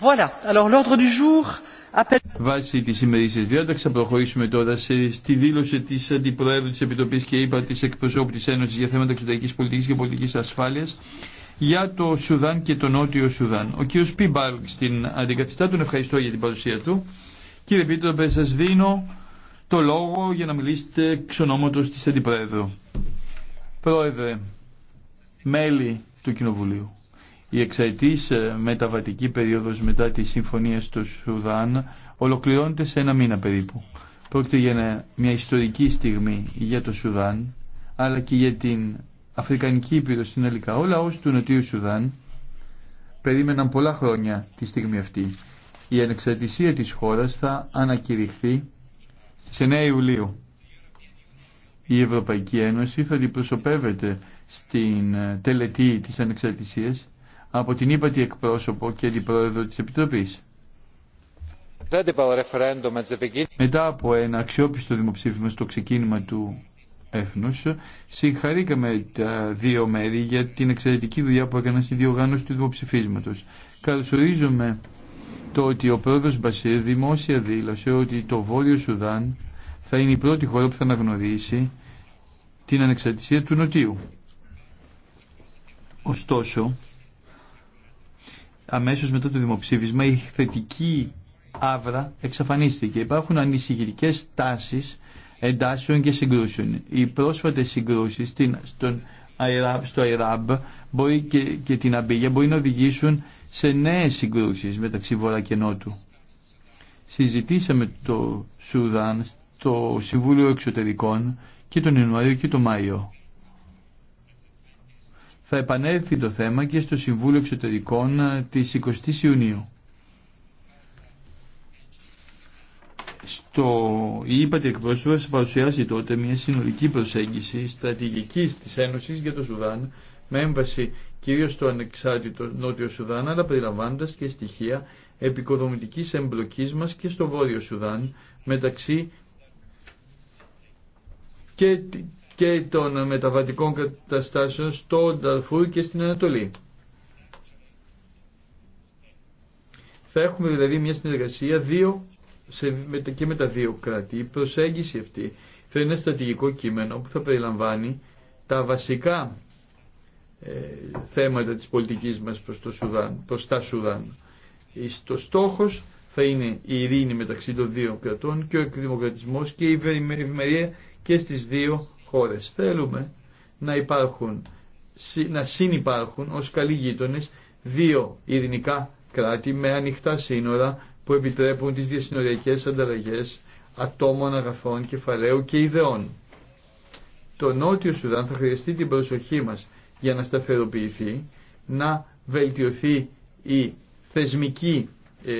Voilà. Alors l'ordre du jour τη ημερήσια διάταξη θα προχωρήσουμε τώρα σε, στη δήλωση τη Αντιπροέδρου τη Επιτροπή και είπα τη εκπροσώπου τη Ένωση για θέματα εξωτερική πολιτική και πολιτική ασφάλεια για το Σουδάν και το Νότιο Σουδάν. Ο κ. Πίμπαλκ στην αντικαθιστά τον ευχαριστώ για την παρουσία του. Κύριε Επίτροπε, σα δίνω το λόγο για να μιλήσετε εξ ονόματο τη Αντιπροέδρου. Πρόεδρε, μέλη του Κοινοβουλίου. Η εξαετής ε, μεταβατική περίοδος μετά τη συμφωνία στο Σουδάν ολοκληρώνεται σε ένα μήνα περίπου. Πρόκειται για μια ιστορική στιγμή για το Σουδάν αλλά και για την Αφρικανική Ήπειρο συνολικά. Ο λαός του Νοτιού Σουδάν περίμεναν πολλά χρόνια τη στιγμή αυτή. Η ανεξαρτησία της χώρας θα ανακηρυχθεί στις 9 Ιουλίου. Η Ευρωπαϊκή Ένωση θα αντιπροσωπεύεται στην ε, τελετή της ανεξαρτησίας από την ύπατη εκπρόσωπο και την πρόεδρο της Επιτροπής. Μετά από ένα αξιόπιστο δημοψήφισμα στο ξεκίνημα του έθνους, συγχαρήκαμε τα δύο μέρη για την εξαιρετική δουλειά που έκαναν στη διοργάνωση του δημοψηφίσματος. Καλωσορίζουμε το ότι ο πρόεδρος Μπασίρ δημόσια δήλωσε ότι το Βόρειο Σουδάν θα είναι η πρώτη χώρα που θα αναγνωρίσει την ανεξαρτησία του Νοτίου. Ωστόσο, αμέσως μετά το δημοψήφισμα η θετική άβρα εξαφανίστηκε. Υπάρχουν ανησυχητικές τάσεις εντάσεων και συγκρούσεων. Οι πρόσφατες συγκρούσεις στον στο ΑΕΡΑΜ και, την αμπίγια μπορεί να οδηγήσουν σε νέες συγκρούσεις μεταξύ Βορρά και Νότου. Συζητήσαμε το Σουδάν στο Συμβούλιο Εξωτερικών και τον Ιανουάριο και τον Μάιο θα επανέλθει το θέμα και στο Συμβούλιο Εξωτερικών ε, της 20 Ιουνίου. στο, η ΥΠΑΤΗ εκπρόσωπο θα παρουσιάσει τότε μια συνολική προσέγγιση στρατηγική τη Ένωση για το Σουδάν με έμβαση κυρίω στο ανεξάρτητο Νότιο Σουδάν, αλλά περιλαμβάνοντα και στοιχεία επικοδομητική εμπλοκή μα και στο Βόρειο Σουδάν μεταξύ και και των μεταβατικών καταστάσεων στο Νταρφούρ και στην Ανατολή. Θα έχουμε δηλαδή μια συνεργασία δύο σε, και με τα δύο κράτη. Η προσέγγιση αυτή θα είναι ένα στρατηγικό κείμενο που θα περιλαμβάνει τα βασικά ε, θέματα της πολιτικής μας προς, το Σουδάν, προς τα Σουδάν. Στο στόχος θα είναι η ειρήνη μεταξύ των δύο κρατών και ο εκδημοκρατισμός και η ευημερία και στις δύο χώρες. Θέλουμε να υπάρχουν, να συνυπάρχουν ως καλοί γείτονες δύο ειρηνικά κράτη με ανοιχτά σύνορα που επιτρέπουν τις διασυνοριακές ανταλλαγές ατόμων, αγαθών, κεφαλαίου και ιδεών. Το Νότιο Σουδάν θα χρειαστεί την προσοχή μας για να σταθεροποιηθεί, να βελτιωθεί η θεσμική ε,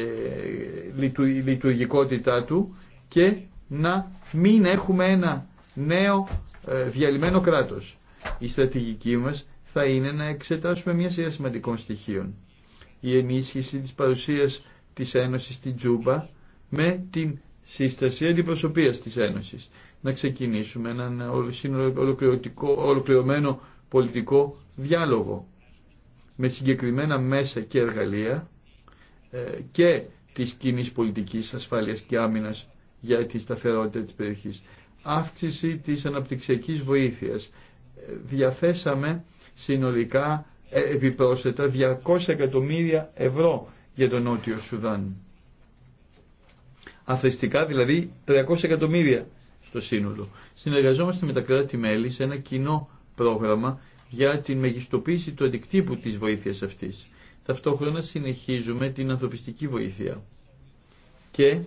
λειτουργικότητά του και να μην έχουμε ένα νέο ε, διαλυμένο κράτος. Η στρατηγική μας θα είναι να εξετάσουμε μια σειρά σημαντικών στοιχείων. Η ενίσχυση της παρουσίας της Ένωσης στην Τζούμπα με την σύσταση αντιπροσωπείας της Ένωσης. Να ξεκινήσουμε έναν ολοκληρωμένο πολιτικό διάλογο με συγκεκριμένα μέσα και εργαλεία ε, και της κοινή πολιτικής ασφάλειας και άμυνας για τη σταθερότητα της περιοχής αύξηση της αναπτυξιακής βοήθειας. Διαθέσαμε συνολικά ε, επιπρόσθετα 200 εκατομμύρια ευρώ για τον Νότιο Σουδάν. Αθρηστικά δηλαδή 300 εκατομμύρια στο σύνολο. Συνεργαζόμαστε με τα κράτη-μέλη σε ένα κοινό πρόγραμμα για την μεγιστοποίηση του αντικτύπου της βοήθειας αυτής. Ταυτόχρονα συνεχίζουμε την ανθρωπιστική βοήθεια και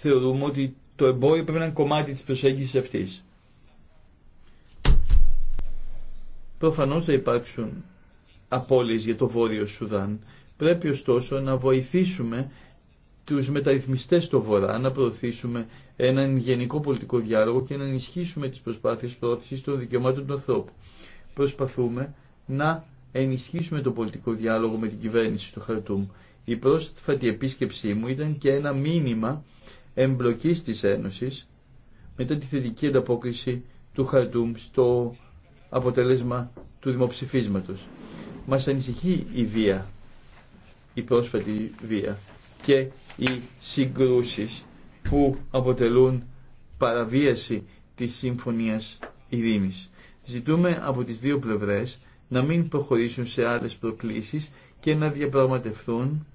θεωρούμε ότι το εμπόριο πρέπει να είναι κομμάτι της προσέγγισης αυτής. Προφανώς θα υπάρξουν απώλειες για το Βόρειο Σουδάν. Πρέπει ωστόσο να βοηθήσουμε τους μεταρρυθμιστές στο Βορρά, να προωθήσουμε έναν γενικό πολιτικό διάλογο και να ενισχύσουμε τις προσπάθειες προώθησης των δικαιωμάτων του ανθρώπου. Προσπαθούμε να ενισχύσουμε το πολιτικό διάλογο με την κυβέρνηση του Χαρτούμ. Η πρόσφατη επίσκεψή μου ήταν και ένα μήνυμα εμπλοκής τη Ένωση μετά τη θετική ανταπόκριση του Χαρτούμ στο αποτέλεσμα του δημοψηφίσματος. Μα ανησυχεί η βία, η πρόσφατη βία και οι συγκρούσεις που αποτελούν παραβίαση της Συμφωνίας Ειρήνης. Ζητούμε από τις δύο πλευρές να μην προχωρήσουν σε άλλες προκλήσεις και να διαπραγματευτούν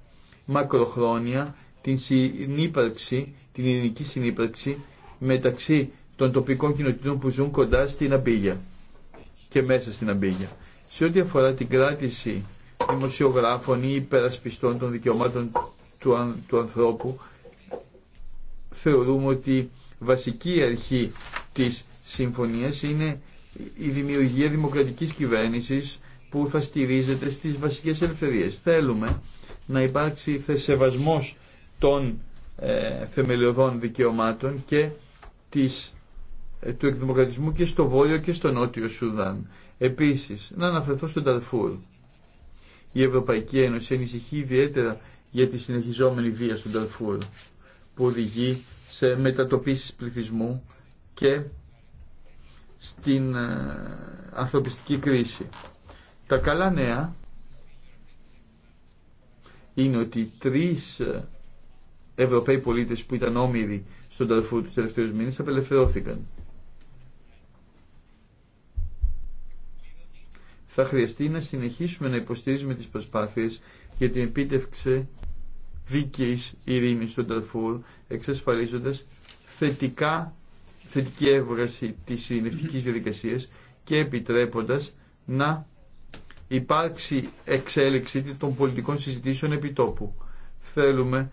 μακροχρόνια την συνύπαρξη την ειρηνική συνύπαρξη μεταξύ των τοπικών κοινοτήτων που ζουν κοντά στην Αμπίγια και μέσα στην Αμπίγια. Σε ό,τι αφορά την κράτηση δημοσιογράφων ή υπερασπιστών των δικαιωμάτων του, του ανθρώπου, θεωρούμε ότι βασική αρχή της συμφωνίας είναι η δημιουργία δημοκρατικής κυβέρνησης που θα στηρίζεται στις βασικές ελευθερίες. Θέλουμε να υπάρξει θεσεβασμός των ε, θεμελιωδών δικαιωμάτων και της, ε, του εκδημοκρατισμού και στο Βόλιο και στο Νότιο Σουδάν. Επίσης, να αναφερθώ στον Ταρφούρ. Η Ευρωπαϊκή Ένωση ανησυχεί ιδιαίτερα για τη συνεχιζόμενη βία στον Ταρφούρ που οδηγεί σε μετατοπίσεις πληθυσμού και στην ε, ανθρωπιστική κρίση. Τα καλά νέα είναι ότι τρεις Ευρωπαίοι πολίτες που ήταν όμοιροι στον Ταρφούρ τους τελευταίους μήνες απελευθερώθηκαν. Θα χρειαστεί να συνεχίσουμε να υποστηρίζουμε τις προσπάθειες για την επίτευξη δίκαιης ειρήνης στον Ταρφούρ, εξασφαλίζοντας θετικά, θετική έβραση της ειρηνευτικής διαδικασίας και επιτρέποντας να υπάρξει εξέλιξη των πολιτικών συζητήσεων επιτόπου. Θέλουμε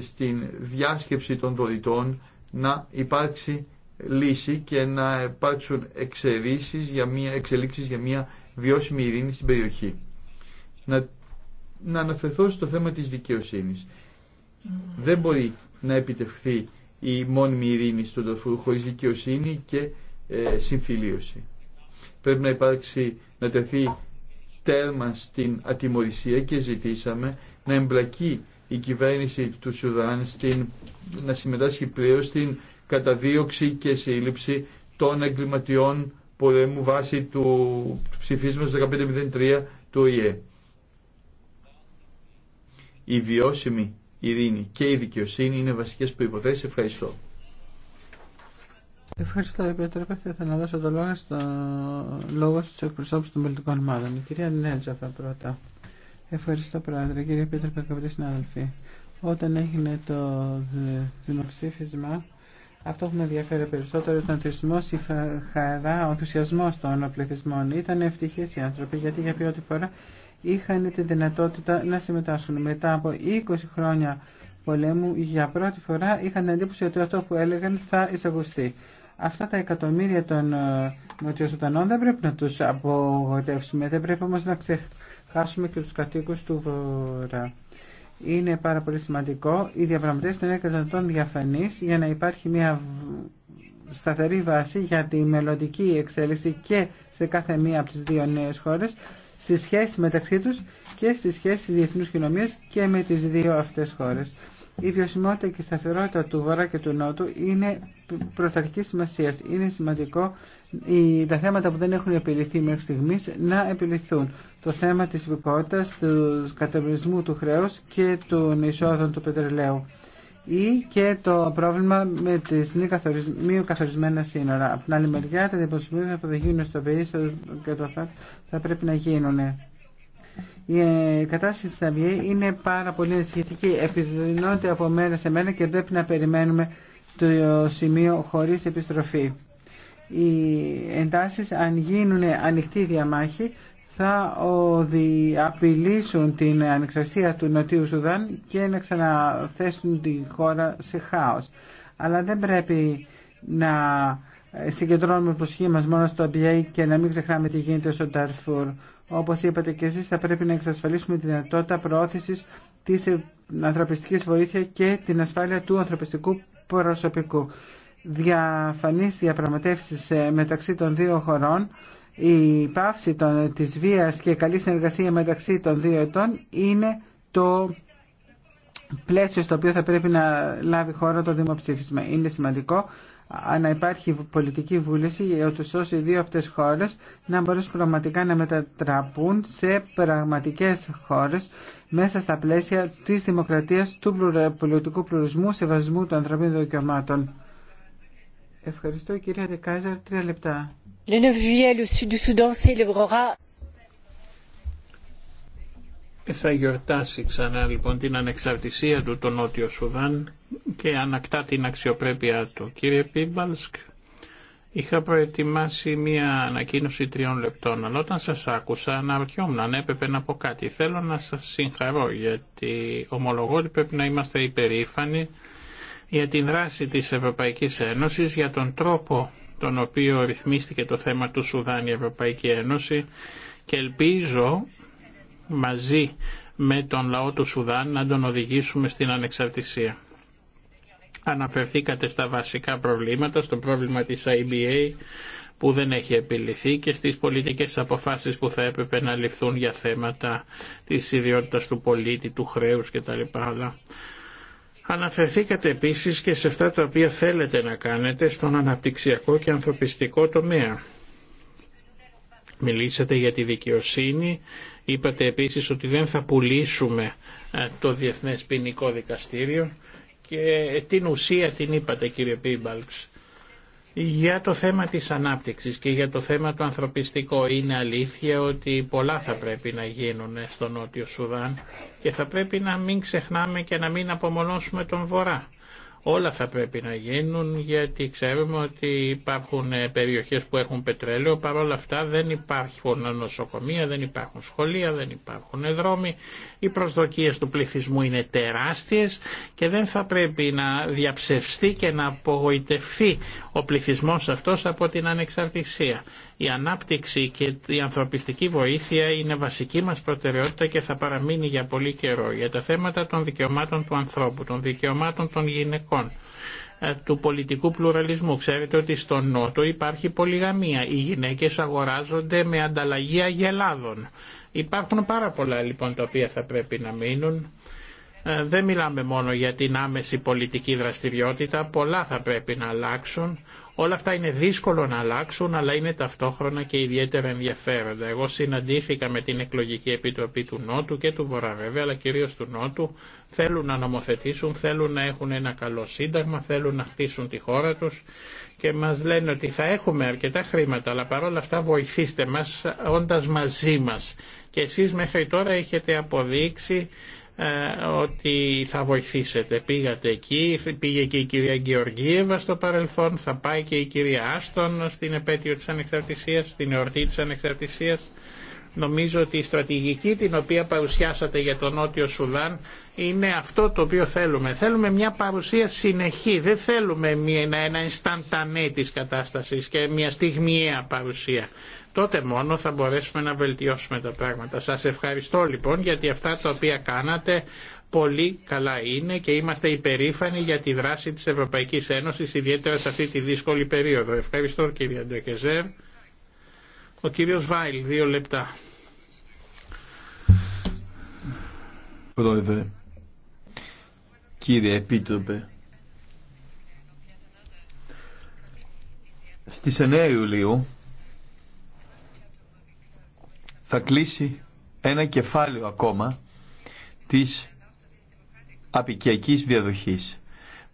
στην διάσκεψη των δωρητών να υπάρξει λύση και να υπάρξουν εξελίξεις για μια, εξελίξεις για μια βιώσιμη ειρήνη στην περιοχή. Να, να αναφερθώ στο θέμα της δικαιοσύνης. Δεν μπορεί να επιτευχθεί η μόνιμη ειρήνη στον τροφού χωρίς δικαιοσύνη και ε, συμφιλίωση. Πρέπει να υπάρξει, να τεθεί τέρμα στην ατιμορρησία και ζητήσαμε να εμπλακεί η κυβέρνηση του Σουδάν στην, να συμμετάσχει πλέον στην καταδίωξη και σύλληψη των εγκληματιών πολέμου βάσει του ψηφίσματος 1503 του ΟΗΕ. Η βιώσιμη ειρήνη και η δικαιοσύνη είναι βασικές προϋποθέσεις. Ευχαριστώ. Ευχαριστώ, Επίτροπε. Θα ήθελα να δώσω το λόγο, στο... λόγο στους εκπροσώπους των πολιτικών ομάδων. Η κυρία θα πρώτα. Ευχαριστώ Πρόεδρε. Κύριε Πίτρο αγαπητοί συνάδελφοι. Όταν έγινε το δημοψήφισμα, αυτό που με ενδιαφέρει περισσότερο ήταν ο η χαρά, ο ενθουσιασμό των πληθυσμών. Ήταν ευτυχεί οι άνθρωποι γιατί για πρώτη φορά είχαν τη δυνατότητα να συμμετάσχουν. Μετά από 20 χρόνια πολέμου, για πρώτη φορά είχαν εντύπωση ότι αυτό που έλεγαν θα εισαγωστεί. Αυτά τα εκατομμύρια των Νοτιοσουτανών ε, δεν πρέπει να του απογοητεύσουμε. Δεν πρέπει όμω να ξεχνάμε χάσουμε και τους κατοίκους του Βορρά. Είναι πάρα πολύ σημαντικό οι διαπραγματεύσεις να είναι κατά για να υπάρχει μια σταθερή βάση για τη μελλοντική εξέλιξη και σε κάθε μία από τις δύο νέες χώρες στη σχέση μεταξύ τους και στη σχέση της διεθνούς κοινωνίας και με τις δύο αυτές χώρες. Η βιωσιμότητα και η σταθερότητα του Βορρά και του Νότου είναι πρωταρχική σημασία. Είναι σημαντικό τα θέματα που δεν έχουν επιληθεί μέχρι στιγμή να επιληθούν. Το θέμα της υπηκότητα, του κατευθυνσμού του χρέου και των εισόδων του πετρελαίου ή και το πρόβλημα με τι μη καθορισμένα σύνορα. Από την άλλη μεριά, τα διαποσμήματα που θα γίνουν στο ΒΕΙ και το θα πρέπει να γίνουν. Η ε, κατάσταση της ΑΒΕ είναι πάρα πολύ ενισχυτική. Επιδεινώνεται από μέρα σε μέρα και πρέπει να περιμένουμε το σημείο χωρίς επιστροφή οι εντάσεις αν γίνουν ανοιχτή διαμάχη θα απειλήσουν την ανεξαρτησία του Νοτιού Σουδάν και να ξαναθέσουν τη χώρα σε χάος. Αλλά δεν πρέπει να συγκεντρώνουμε προσοχή μας μόνο στο ΑΠΙΑΙ και να μην ξεχνάμε τι γίνεται στο Νταρφούρ. Όπως είπατε και εσείς θα πρέπει να εξασφαλίσουμε τη δυνατότητα προώθησης της ανθρωπιστικής βοήθειας και την ασφάλεια του ανθρωπιστικού προσωπικού διαφανείς διαπραγματεύσεις ε, μεταξύ των δύο χωρών, η πάυση των, της βίας και καλή συνεργασία μεταξύ των δύο ετών είναι το πλαίσιο στο οποίο θα πρέπει να λάβει χώρα το δημοψήφισμα. Είναι σημαντικό να υπάρχει πολιτική βούληση ώστε οι δύο αυτές χώρες να μπορούν πραγματικά να μετατραπούν σε πραγματικές χώρες μέσα στα πλαίσια της δημοκρατίας του πολιτικού πλουρισμού σεβασμού των ανθρωπίνων δικαιωμάτων. Ευχαριστώ κυρία Δεκάζαρ. Τρία λεπτά. Le 9 sud du Soudan célébrera θα γιορτάσει ξανά λοιπόν την ανεξαρτησία του το Νότιο Σουδάν και ανακτά την αξιοπρέπειά του. Κύριε Πίμπαλσκ, είχα προετοιμάσει μία ανακοίνωση τριών λεπτών, αλλά όταν σας άκουσα αναρωτιόμουν αν έπρεπε να πω κάτι. Θέλω να σας συγχαρώ γιατί ομολογώ ότι πρέπει να είμαστε υπερήφανοι για την δράση της Ευρωπαϊκής Ένωσης, για τον τρόπο τον οποίο ρυθμίστηκε το θέμα του Σουδάν η Ευρωπαϊκή Ένωση και ελπίζω μαζί με τον λαό του Σουδάν να τον οδηγήσουμε στην ανεξαρτησία. Αναφερθήκατε στα βασικά προβλήματα, στο πρόβλημα της IBA που δεν έχει επιληθεί και στις πολιτικές αποφάσεις που θα έπρεπε να ληφθούν για θέματα της ιδιότητας του πολίτη, του χρέους κτλ. Αναφερθήκατε επίσης και σε αυτά τα οποία θέλετε να κάνετε στον αναπτυξιακό και ανθρωπιστικό τομέα. Μιλήσατε για τη δικαιοσύνη, είπατε επίσης ότι δεν θα πουλήσουμε ε, το Διεθνές Ποινικό Δικαστήριο και ε, την ουσία την είπατε κύριε Πίμπαλξ. Για το θέμα της ανάπτυξης και για το θέμα το ανθρωπιστικό είναι αλήθεια ότι πολλά θα πρέπει να γίνουν στο Νότιο Σουδάν και θα πρέπει να μην ξεχνάμε και να μην απομονώσουμε τον Βορρά. Όλα θα πρέπει να γίνουν γιατί ξέρουμε ότι υπάρχουν ε, περιοχές που έχουν πετρέλαιο, παρόλα αυτά δεν υπάρχουν νοσοκομεία, δεν υπάρχουν σχολεία, δεν υπάρχουν δρόμοι. Οι προσδοκίες του πληθυσμού είναι τεράστιες και δεν θα πρέπει να διαψευστεί και να απογοητευτεί ο πληθυσμός αυτός από την ανεξαρτησία. Η ανάπτυξη και η ανθρωπιστική βοήθεια είναι βασική μας προτεραιότητα και θα παραμείνει για πολύ καιρό για τα θέματα των δικαιωμάτων του ανθρώπου, των δικαιωμάτων των γυναικών, ε, του πολιτικού πλουραλισμού. Ξέρετε ότι στο Νότο υπάρχει πολυγαμία. Οι γυναίκες αγοράζονται με ανταλλαγή αγελάδων. Υπάρχουν πάρα πολλά λοιπόν τα οποία θα πρέπει να μείνουν ε, δεν μιλάμε μόνο για την άμεση πολιτική δραστηριότητα, πολλά θα πρέπει να αλλάξουν. Όλα αυτά είναι δύσκολο να αλλάξουν, αλλά είναι ταυτόχρονα και ιδιαίτερα ενδιαφέροντα. Εγώ συναντήθηκα με την εκλογική επιτροπή του Νότου και του Βορρά βέβαια, αλλά κυρίως του Νότου. Θέλουν να νομοθετήσουν, θέλουν να έχουν ένα καλό σύνταγμα, θέλουν να χτίσουν τη χώρα τους και μας λένε ότι θα έχουμε αρκετά χρήματα, αλλά παρόλα αυτά βοηθήστε μας όντας μαζί μας. Και εσείς μέχρι τώρα έχετε αποδείξει ότι θα βοηθήσετε. Πήγατε εκεί, πήγε και η κυρία Γεωργίευα στο παρελθόν, θα πάει και η κυρία Άστον στην επέτειο της ανεξαρτησίας, στην εορτή της ανεξαρτησίας. Νομίζω ότι η στρατηγική την οποία παρουσιάσατε για τον Νότιο Σουδάν είναι αυτό το οποίο θέλουμε. Θέλουμε μια παρουσία συνεχή, δεν θέλουμε μια, ένα ενσταντανέ της κατάστασης και μια στιγμιαία παρουσία τότε μόνο θα μπορέσουμε να βελτιώσουμε τα πράγματα. Σας ευχαριστώ λοιπόν γιατί αυτά τα οποία κάνατε πολύ καλά είναι και είμαστε υπερήφανοι για τη δράση της Ευρωπαϊκής Ένωσης ιδιαίτερα σε αυτή τη δύσκολη περίοδο. Ευχαριστώ κύριε Αντεκεζέρ. Ο κύριος Βάιλ, δύο λεπτά. Πρόεδρε, κύριε Επίτροπε, στις 9 Ιουλίου θα κλείσει ένα κεφάλαιο ακόμα της απικιακής διαδοχής.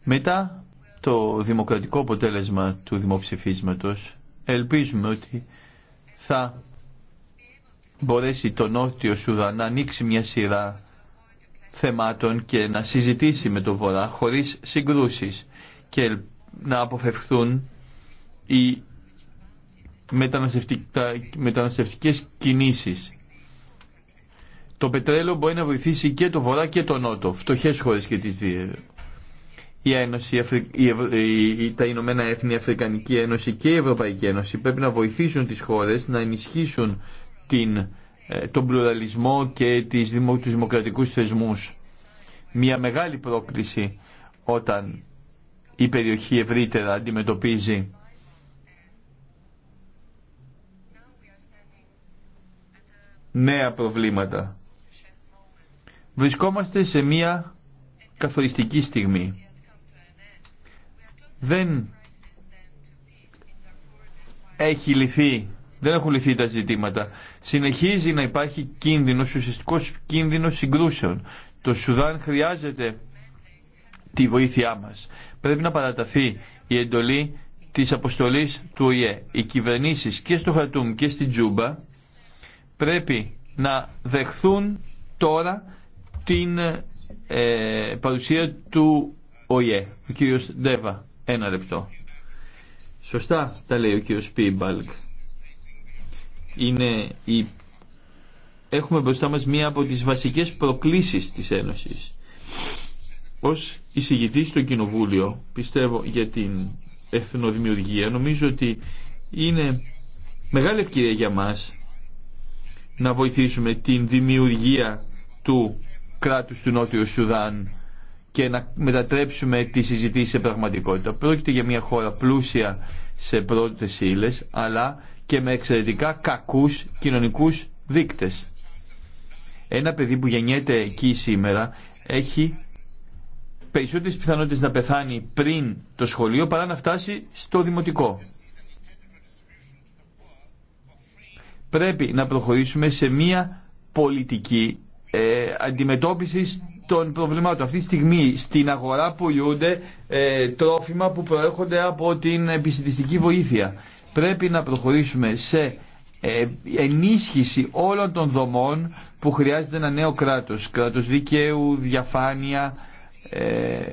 Μετά το δημοκρατικό αποτέλεσμα του δημοψηφίσματος ελπίζουμε ότι θα μπορέσει το Νότιο Σουδάν να ανοίξει μια σειρά θεμάτων και να συζητήσει με το Βορρά χωρίς συγκρούσεις και να αποφευχθούν οι μεταναστευτικές κινήσεις. Το πετρέλαιο μπορεί να βοηθήσει και το βορρά και το νότο, φτωχές χώρες και τις δύο. Η Ένωση, τα Ηνωμένα Έθνη, η Αφρικανική Ένωση και η Ευρωπαϊκή Ένωση πρέπει να βοηθήσουν τις χώρες να ενισχύσουν την, ε, τον πλουραλισμό και τις, τους δημοκρατικούς θεσμούς. Μια μεγάλη πρόκληση όταν η περιοχή ευρύτερα αντιμετωπίζει νέα προβλήματα. Βρισκόμαστε σε μία καθοριστική στιγμή. Δεν έχει λυθεί, δεν έχουν λυθεί τα ζητήματα. Συνεχίζει να υπάρχει κίνδυνος, ουσιαστικός κίνδυνος συγκρούσεων. Το Σουδάν χρειάζεται τη βοήθειά μας. Πρέπει να παραταθεί η εντολή της αποστολής του ΟΗΕ. Οι κυβερνήσεις και στο Χατούμ και στη Τζούμπα πρέπει να δεχθούν τώρα την ε, παρουσία του ΟΙΕ, ο κύριος Ντέβα, ένα λεπτό. Σωστά τα λέει ο κύριος Πίμπαλκ. Είναι η... Έχουμε μπροστά μας μία από τις βασικές προκλήσεις της Ένωσης. Ως εισηγητής στο Κοινοβούλιο, πιστεύω για την εθνοδημιουργία, νομίζω ότι είναι μεγάλη ευκαιρία για μας να βοηθήσουμε την δημιουργία του κράτους του Νότιου Σουδάν και να μετατρέψουμε τη συζητήση σε πραγματικότητα. Πρόκειται για μια χώρα πλούσια σε πρώτες ύλε, αλλά και με εξαιρετικά κακούς κοινωνικούς δείκτες. Ένα παιδί που γεννιέται εκεί σήμερα έχει περισσότερες πιθανότητες να πεθάνει πριν το σχολείο παρά να φτάσει στο δημοτικό. πρέπει να προχωρήσουμε σε μια πολιτική ε, αντιμετώπισης των προβλημάτων. Αυτή τη στιγμή στην αγορά πουλούνται ε, τρόφιμα που προέρχονται από την επιστημιστική βοήθεια. Πρέπει να προχωρήσουμε σε ε, ενίσχυση όλων των δομών που χρειάζεται ένα νέο κράτος. Κράτος δικαίου, διαφάνεια, ε,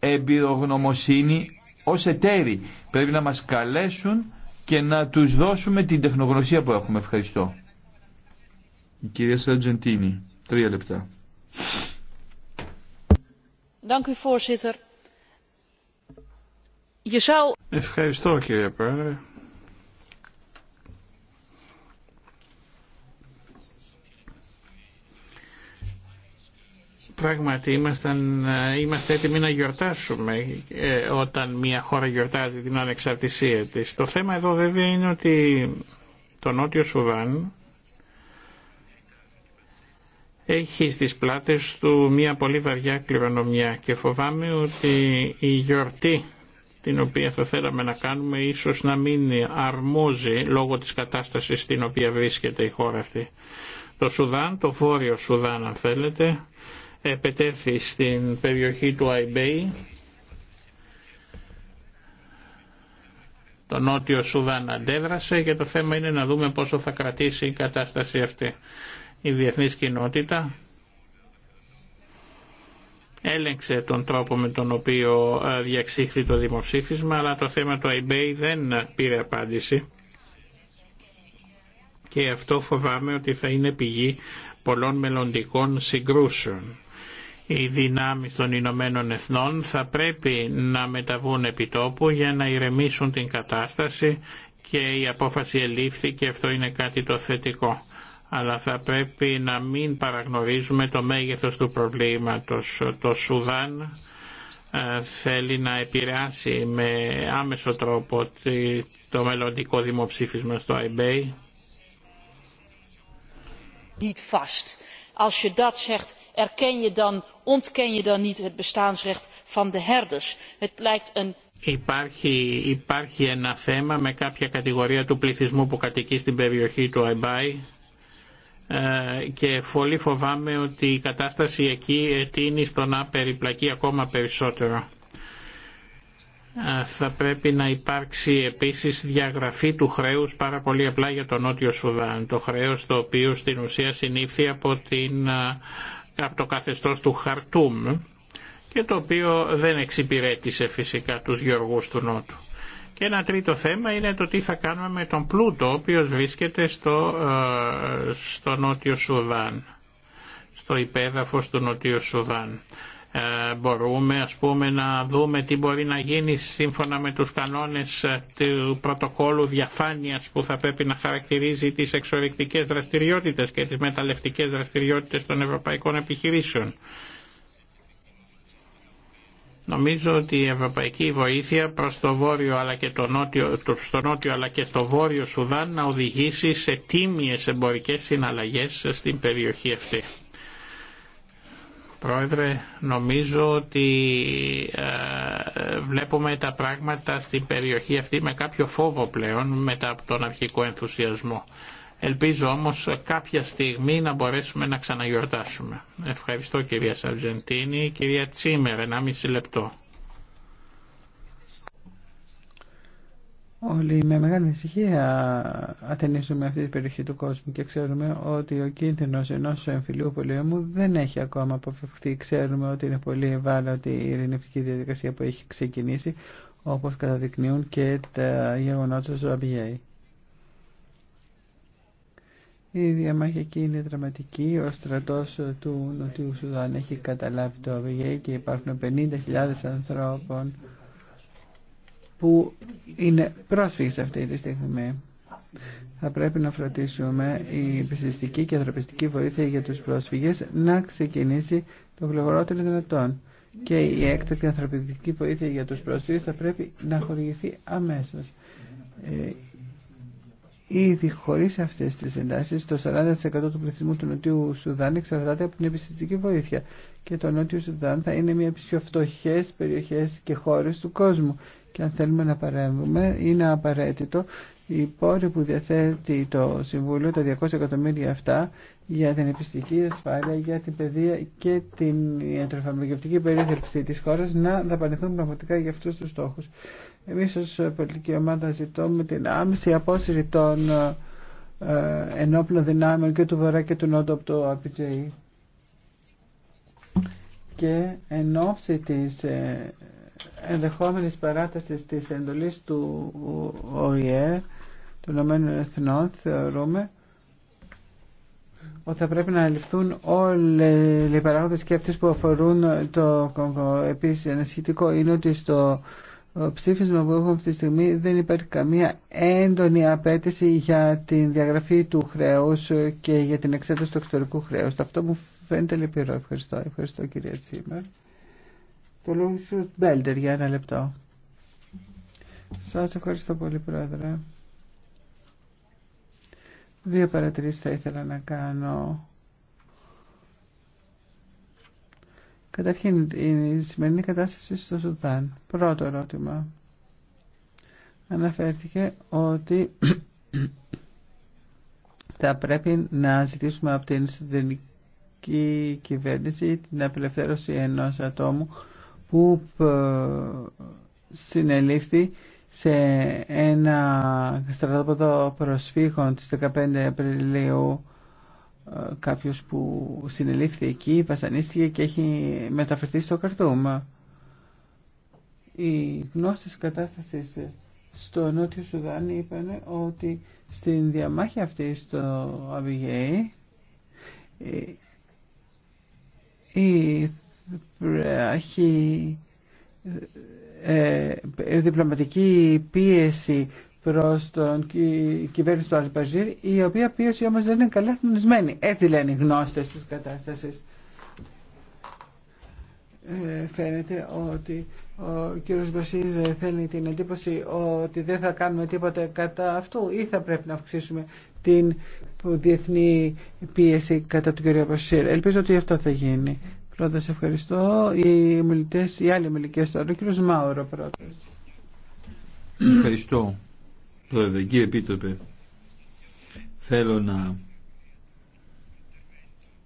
εμπειρογνωμοσύνη. Ως εταίροι πρέπει να μας καλέσουν και να τους δώσουμε την τεχνογνωσία που έχουμε. Ευχαριστώ. Η κυρία Σαρτζεντίνη, τρία λεπτά. Ευχαριστώ κύριε Πρόεδρε. Πράγματι ήμασταν, ε, είμαστε έτοιμοι να γιορτάσουμε ε, όταν μια χώρα γιορτάζει την ανεξαρτησία της. Το θέμα εδώ βέβαια είναι ότι το Νότιο Σουδάν έχει στις πλάτες του μια πολύ βαριά κληρονομιά και φοβάμαι ότι η γιορτή την οποία θα θέλαμε να κάνουμε ίσως να μην αρμόζει λόγω της κατάστασης στην οποία βρίσκεται η χώρα αυτή. Το Σουδάν, το Βόρειο Σουδάν αν θέλετε, επετέθη στην περιοχή του Αϊμπέη, το Νότιο Σουδάν αντέδρασε και το θέμα είναι να δούμε πόσο θα κρατήσει η κατάσταση αυτή. Η διεθνής κοινότητα έλεγξε τον τρόπο με τον οποίο ε, διαξήχθη το δημοψήφισμα, αλλά το θέμα του eBay δεν πήρε απάντηση και αυτό φοβάμαι ότι θα είναι πηγή πολλών μελλοντικών συγκρούσεων οι δυνάμεις των Ηνωμένων Εθνών θα πρέπει να μεταβούν επιτόπου για να ηρεμήσουν την κατάσταση και η απόφαση ελήφθη και αυτό είναι κάτι το θετικό. Αλλά θα πρέπει να μην παραγνωρίζουμε το μέγεθος του προβλήματος. Το Σουδάν ε, θέλει να επηρεάσει με άμεσο τρόπο το μελλοντικό δημοψήφισμα στο fast als je dat Υπάρχει, ένα θέμα με κάποια κατηγορία του πληθυσμού που κατοικεί στην περιοχή του Αϊμπάι ε, και πολύ φοβάμαι ότι η κατάσταση εκεί ετείνει στο να περιπλακεί ακόμα περισσότερο θα πρέπει να υπάρξει επίσης διαγραφή του χρέους πάρα πολύ απλά για τον Νότιο Σουδάν. Το χρέος το οποίο στην ουσία συνήφθη από, την, από το καθεστώς του Χαρτούμ και το οποίο δεν εξυπηρέτησε φυσικά τους γεωργούς του Νότου. Και ένα τρίτο θέμα είναι το τι θα κάνουμε με τον πλούτο ο οποίος βρίσκεται στο, στο Νότιο Σουδάν, στο υπέδαφος του Νότιο Σουδάν. Ε, μπορούμε ας πούμε να δούμε τι μπορεί να γίνει σύμφωνα με τους κανόνες ε, του πρωτοκόλου διαφάνειας που θα πρέπει να χαρακτηρίζει τις εξορρυκτικές δραστηριότητες και τις μεταλλευτικές δραστηριότητες των ευρωπαϊκών επιχειρήσεων. Νομίζω ότι η ευρωπαϊκή βοήθεια προς το βόρειο αλλά και το νότιο, στο νότιο αλλά και στο βόρειο Σουδάν να οδηγήσει σε τίμιες εμπορικές συναλλαγές στην περιοχή αυτή. Πρόεδρε, νομίζω ότι ε, βλέπουμε τα πράγματα στην περιοχή αυτή με κάποιο φόβο πλέον μετά από τον αρχικό ενθουσιασμό. Ελπίζω όμως κάποια στιγμή να μπορέσουμε να ξαναγιορτάσουμε. Ευχαριστώ κυρία Σαρζεντίνη. Κυρία Τσίμερ, ένα μισή λεπτό. Όλοι με μεγάλη ανησυχία ατενίζουμε αυτή την περιοχή του κόσμου και ξέρουμε ότι ο κίνδυνο ενό εμφυλίου πολέμου δεν έχει ακόμα αποφευχθεί. Ξέρουμε ότι είναι πολύ ευάλωτη η ειρηνευτική διαδικασία που έχει ξεκινήσει, όπω καταδεικνύουν και τα γεγονότα του Αμπιέη. Η διαμάχη εκεί είναι δραματική. Ο στρατό του Νοτιού Σουδάν έχει καταλάβει το Αμπιέη και υπάρχουν 50.000 ανθρώπων που είναι πρόσφυγες αυτή τη στιγμή. Θα πρέπει να φροντίσουμε η πιστιστική και ανθρωπιστική βοήθεια για τους πρόσφυγες να ξεκινήσει το γλωγορότερο δυνατόν. Και η έκτακτη ανθρωπιστική βοήθεια για τους πρόσφυγες θα πρέπει να χορηγηθεί αμέσως. Ε, ήδη χωρί αυτές τις εντάσεις, το 40% του πληθυσμού του Νοτιού Σουδάν εξαρτάται από την επιστημική βοήθεια. Και το Νότιο Σουδάν θα είναι μια από τις πιο φτωχέ περιοχέ και χώρε του κόσμου και αν θέλουμε να παρέμβουμε είναι απαραίτητο η πόροι που διαθέτει το Συμβούλιο, τα 200 εκατομμύρια αυτά, για την επιστική ασφάλεια, για την παιδεία και την ιατροφαρμακευτική περίθαλψη της χώρας να δαπανηθούν πραγματικά για αυτούς τους στόχους. Εμείς ως πολιτική ομάδα ζητούμε την άμεση απόσυρη των ε, ενόπλων δυνάμεων και του Βορρά και του Νότου από το ΑΠΤΖΕΙ. Και εν ε, Ενδεχόμενη παράταση τη εντολή του ΟΗΕ, του Ηνωμένων Εθνών, θεωρούμε ότι θα πρέπει να ληφθούν όλοι οι παράγοντες αυτοίς που αφορούν το Κονγκό. Επίση, ένα σχετικό είναι ότι στο ψήφισμα που έχουμε αυτή τη στιγμή δεν υπάρχει καμία έντονη απέτηση για τη διαγραφή του χρέους και για την εξέταση του εξωτερικού χρέους. Αυτό μου φαίνεται λυπηρό. Ευχαριστώ. Ευχαριστώ κυρία Τσίμερ. Το λόγο του Μπέλτερ για ένα λεπτό. Σας ευχαριστώ πολύ πρόεδρε. Δύο παρατηρήσεις θα ήθελα να κάνω. Καταρχήν η σημερινή κατάσταση στο Σουδάν. Πρώτο ερώτημα. Αναφέρθηκε ότι θα πρέπει να ζητήσουμε από την Σουδενική κυβέρνηση την απελευθέρωση ενός ατόμου που ε, συνελήφθη σε ένα στρατόπεδο προσφύγων της 15 Απριλίου ε, κάποιος που συνελήφθη εκεί βασανίστηκε και έχει μεταφερθεί στο Καρτούμ. Οι γνώστες κατάσταση στο Νότιο Σουδάν είπαν ότι στην διαμάχη αυτή στο Αβιγέι ε, έχει ε, ε, διπλωματική πίεση προς τον κυβέρνηση του Αλπαζίρ, η οποία πίεση όμως δεν είναι καλά συντονισμένη. Έτσι λένε οι γνώστες της κατάστασης. Ε, φαίνεται ότι ο κύριος Μπασίρ θέλει την εντύπωση ότι δεν θα κάνουμε τίποτα κατά αυτού ή θα πρέπει να αυξήσουμε την διεθνή πίεση κατά του κύριο Μπασίρ. Ελπίζω ότι αυτό θα γίνει. Πρώτα σε ευχαριστώ. Οι, οι άλλοι μιλικές τώρα. Ο κ. Μάουρο πρώτα. Ευχαριστώ. Πρόεδρε, κύριε Επίτροπε, θέλω να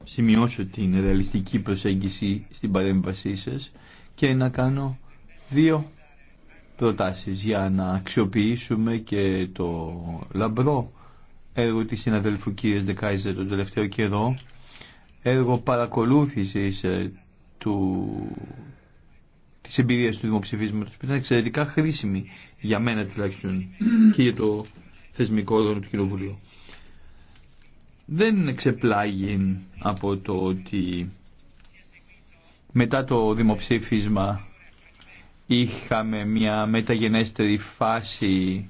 σημειώσω την ρεαλιστική προσέγγιση στην παρέμβασή σας και να κάνω δύο προτάσεις για να αξιοποιήσουμε και το λαμπρό έργο της συναδελφού κ. Δεκάιζερ τον τελευταίο καιρό έργο παρακολούθησης ε, του, της εμπειρίας του δημοψηφίσματος που ήταν εξαιρετικά χρήσιμη για μένα τουλάχιστον και για το θεσμικό όργανο του Κοινοβουλίου. Δεν ξεπλάγει από το ότι μετά το δημοψήφισμα είχαμε μια μεταγενέστερη φάση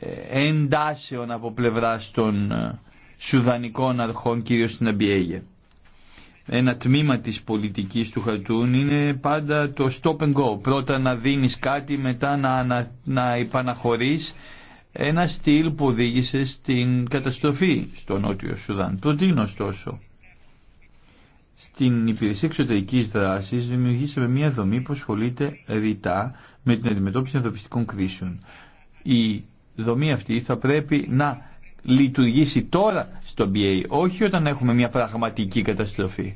ε, εντάσεων από πλευράς των ε, Σουδανικών αρχών, κυρίως στην Αμπιέγε ένα τμήμα της πολιτικής του χαρτούν είναι πάντα το stop and go. Πρώτα να δίνεις κάτι, μετά να, να, ένα στυλ που οδήγησε στην καταστροφή στο Νότιο Σουδάν. Προτείνω ωστόσο. Στην υπηρεσία εξωτερική δράση δημιουργήσαμε μια δομή που ασχολείται ρητά με την αντιμετώπιση ανθρωπιστικών κρίσεων. Η δομή αυτή θα πρέπει να λειτουργήσει τώρα στο BA, όχι όταν έχουμε μια πραγματική καταστροφή.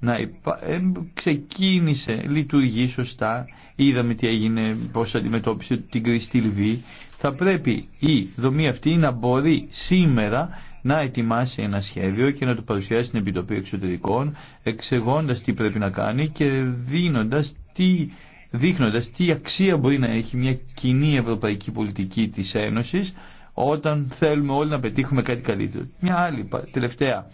Να υπα... ε, ξεκίνησε, λειτουργεί σωστά, είδαμε τι έγινε, πώς αντιμετώπισε την κρίση στη Λιβύη. Θα πρέπει η δομή αυτή να μπορεί σήμερα να ετοιμάσει ένα σχέδιο και να το παρουσιάσει στην Επιτροπή Εξωτερικών, εξεγώντας τι πρέπει να κάνει και δίνοντας τι δείχνοντας τι αξία μπορεί να έχει μια κοινή ευρωπαϊκή πολιτική της Ένωσης όταν θέλουμε όλοι να πετύχουμε κάτι καλύτερο. Μια άλλη τελευταία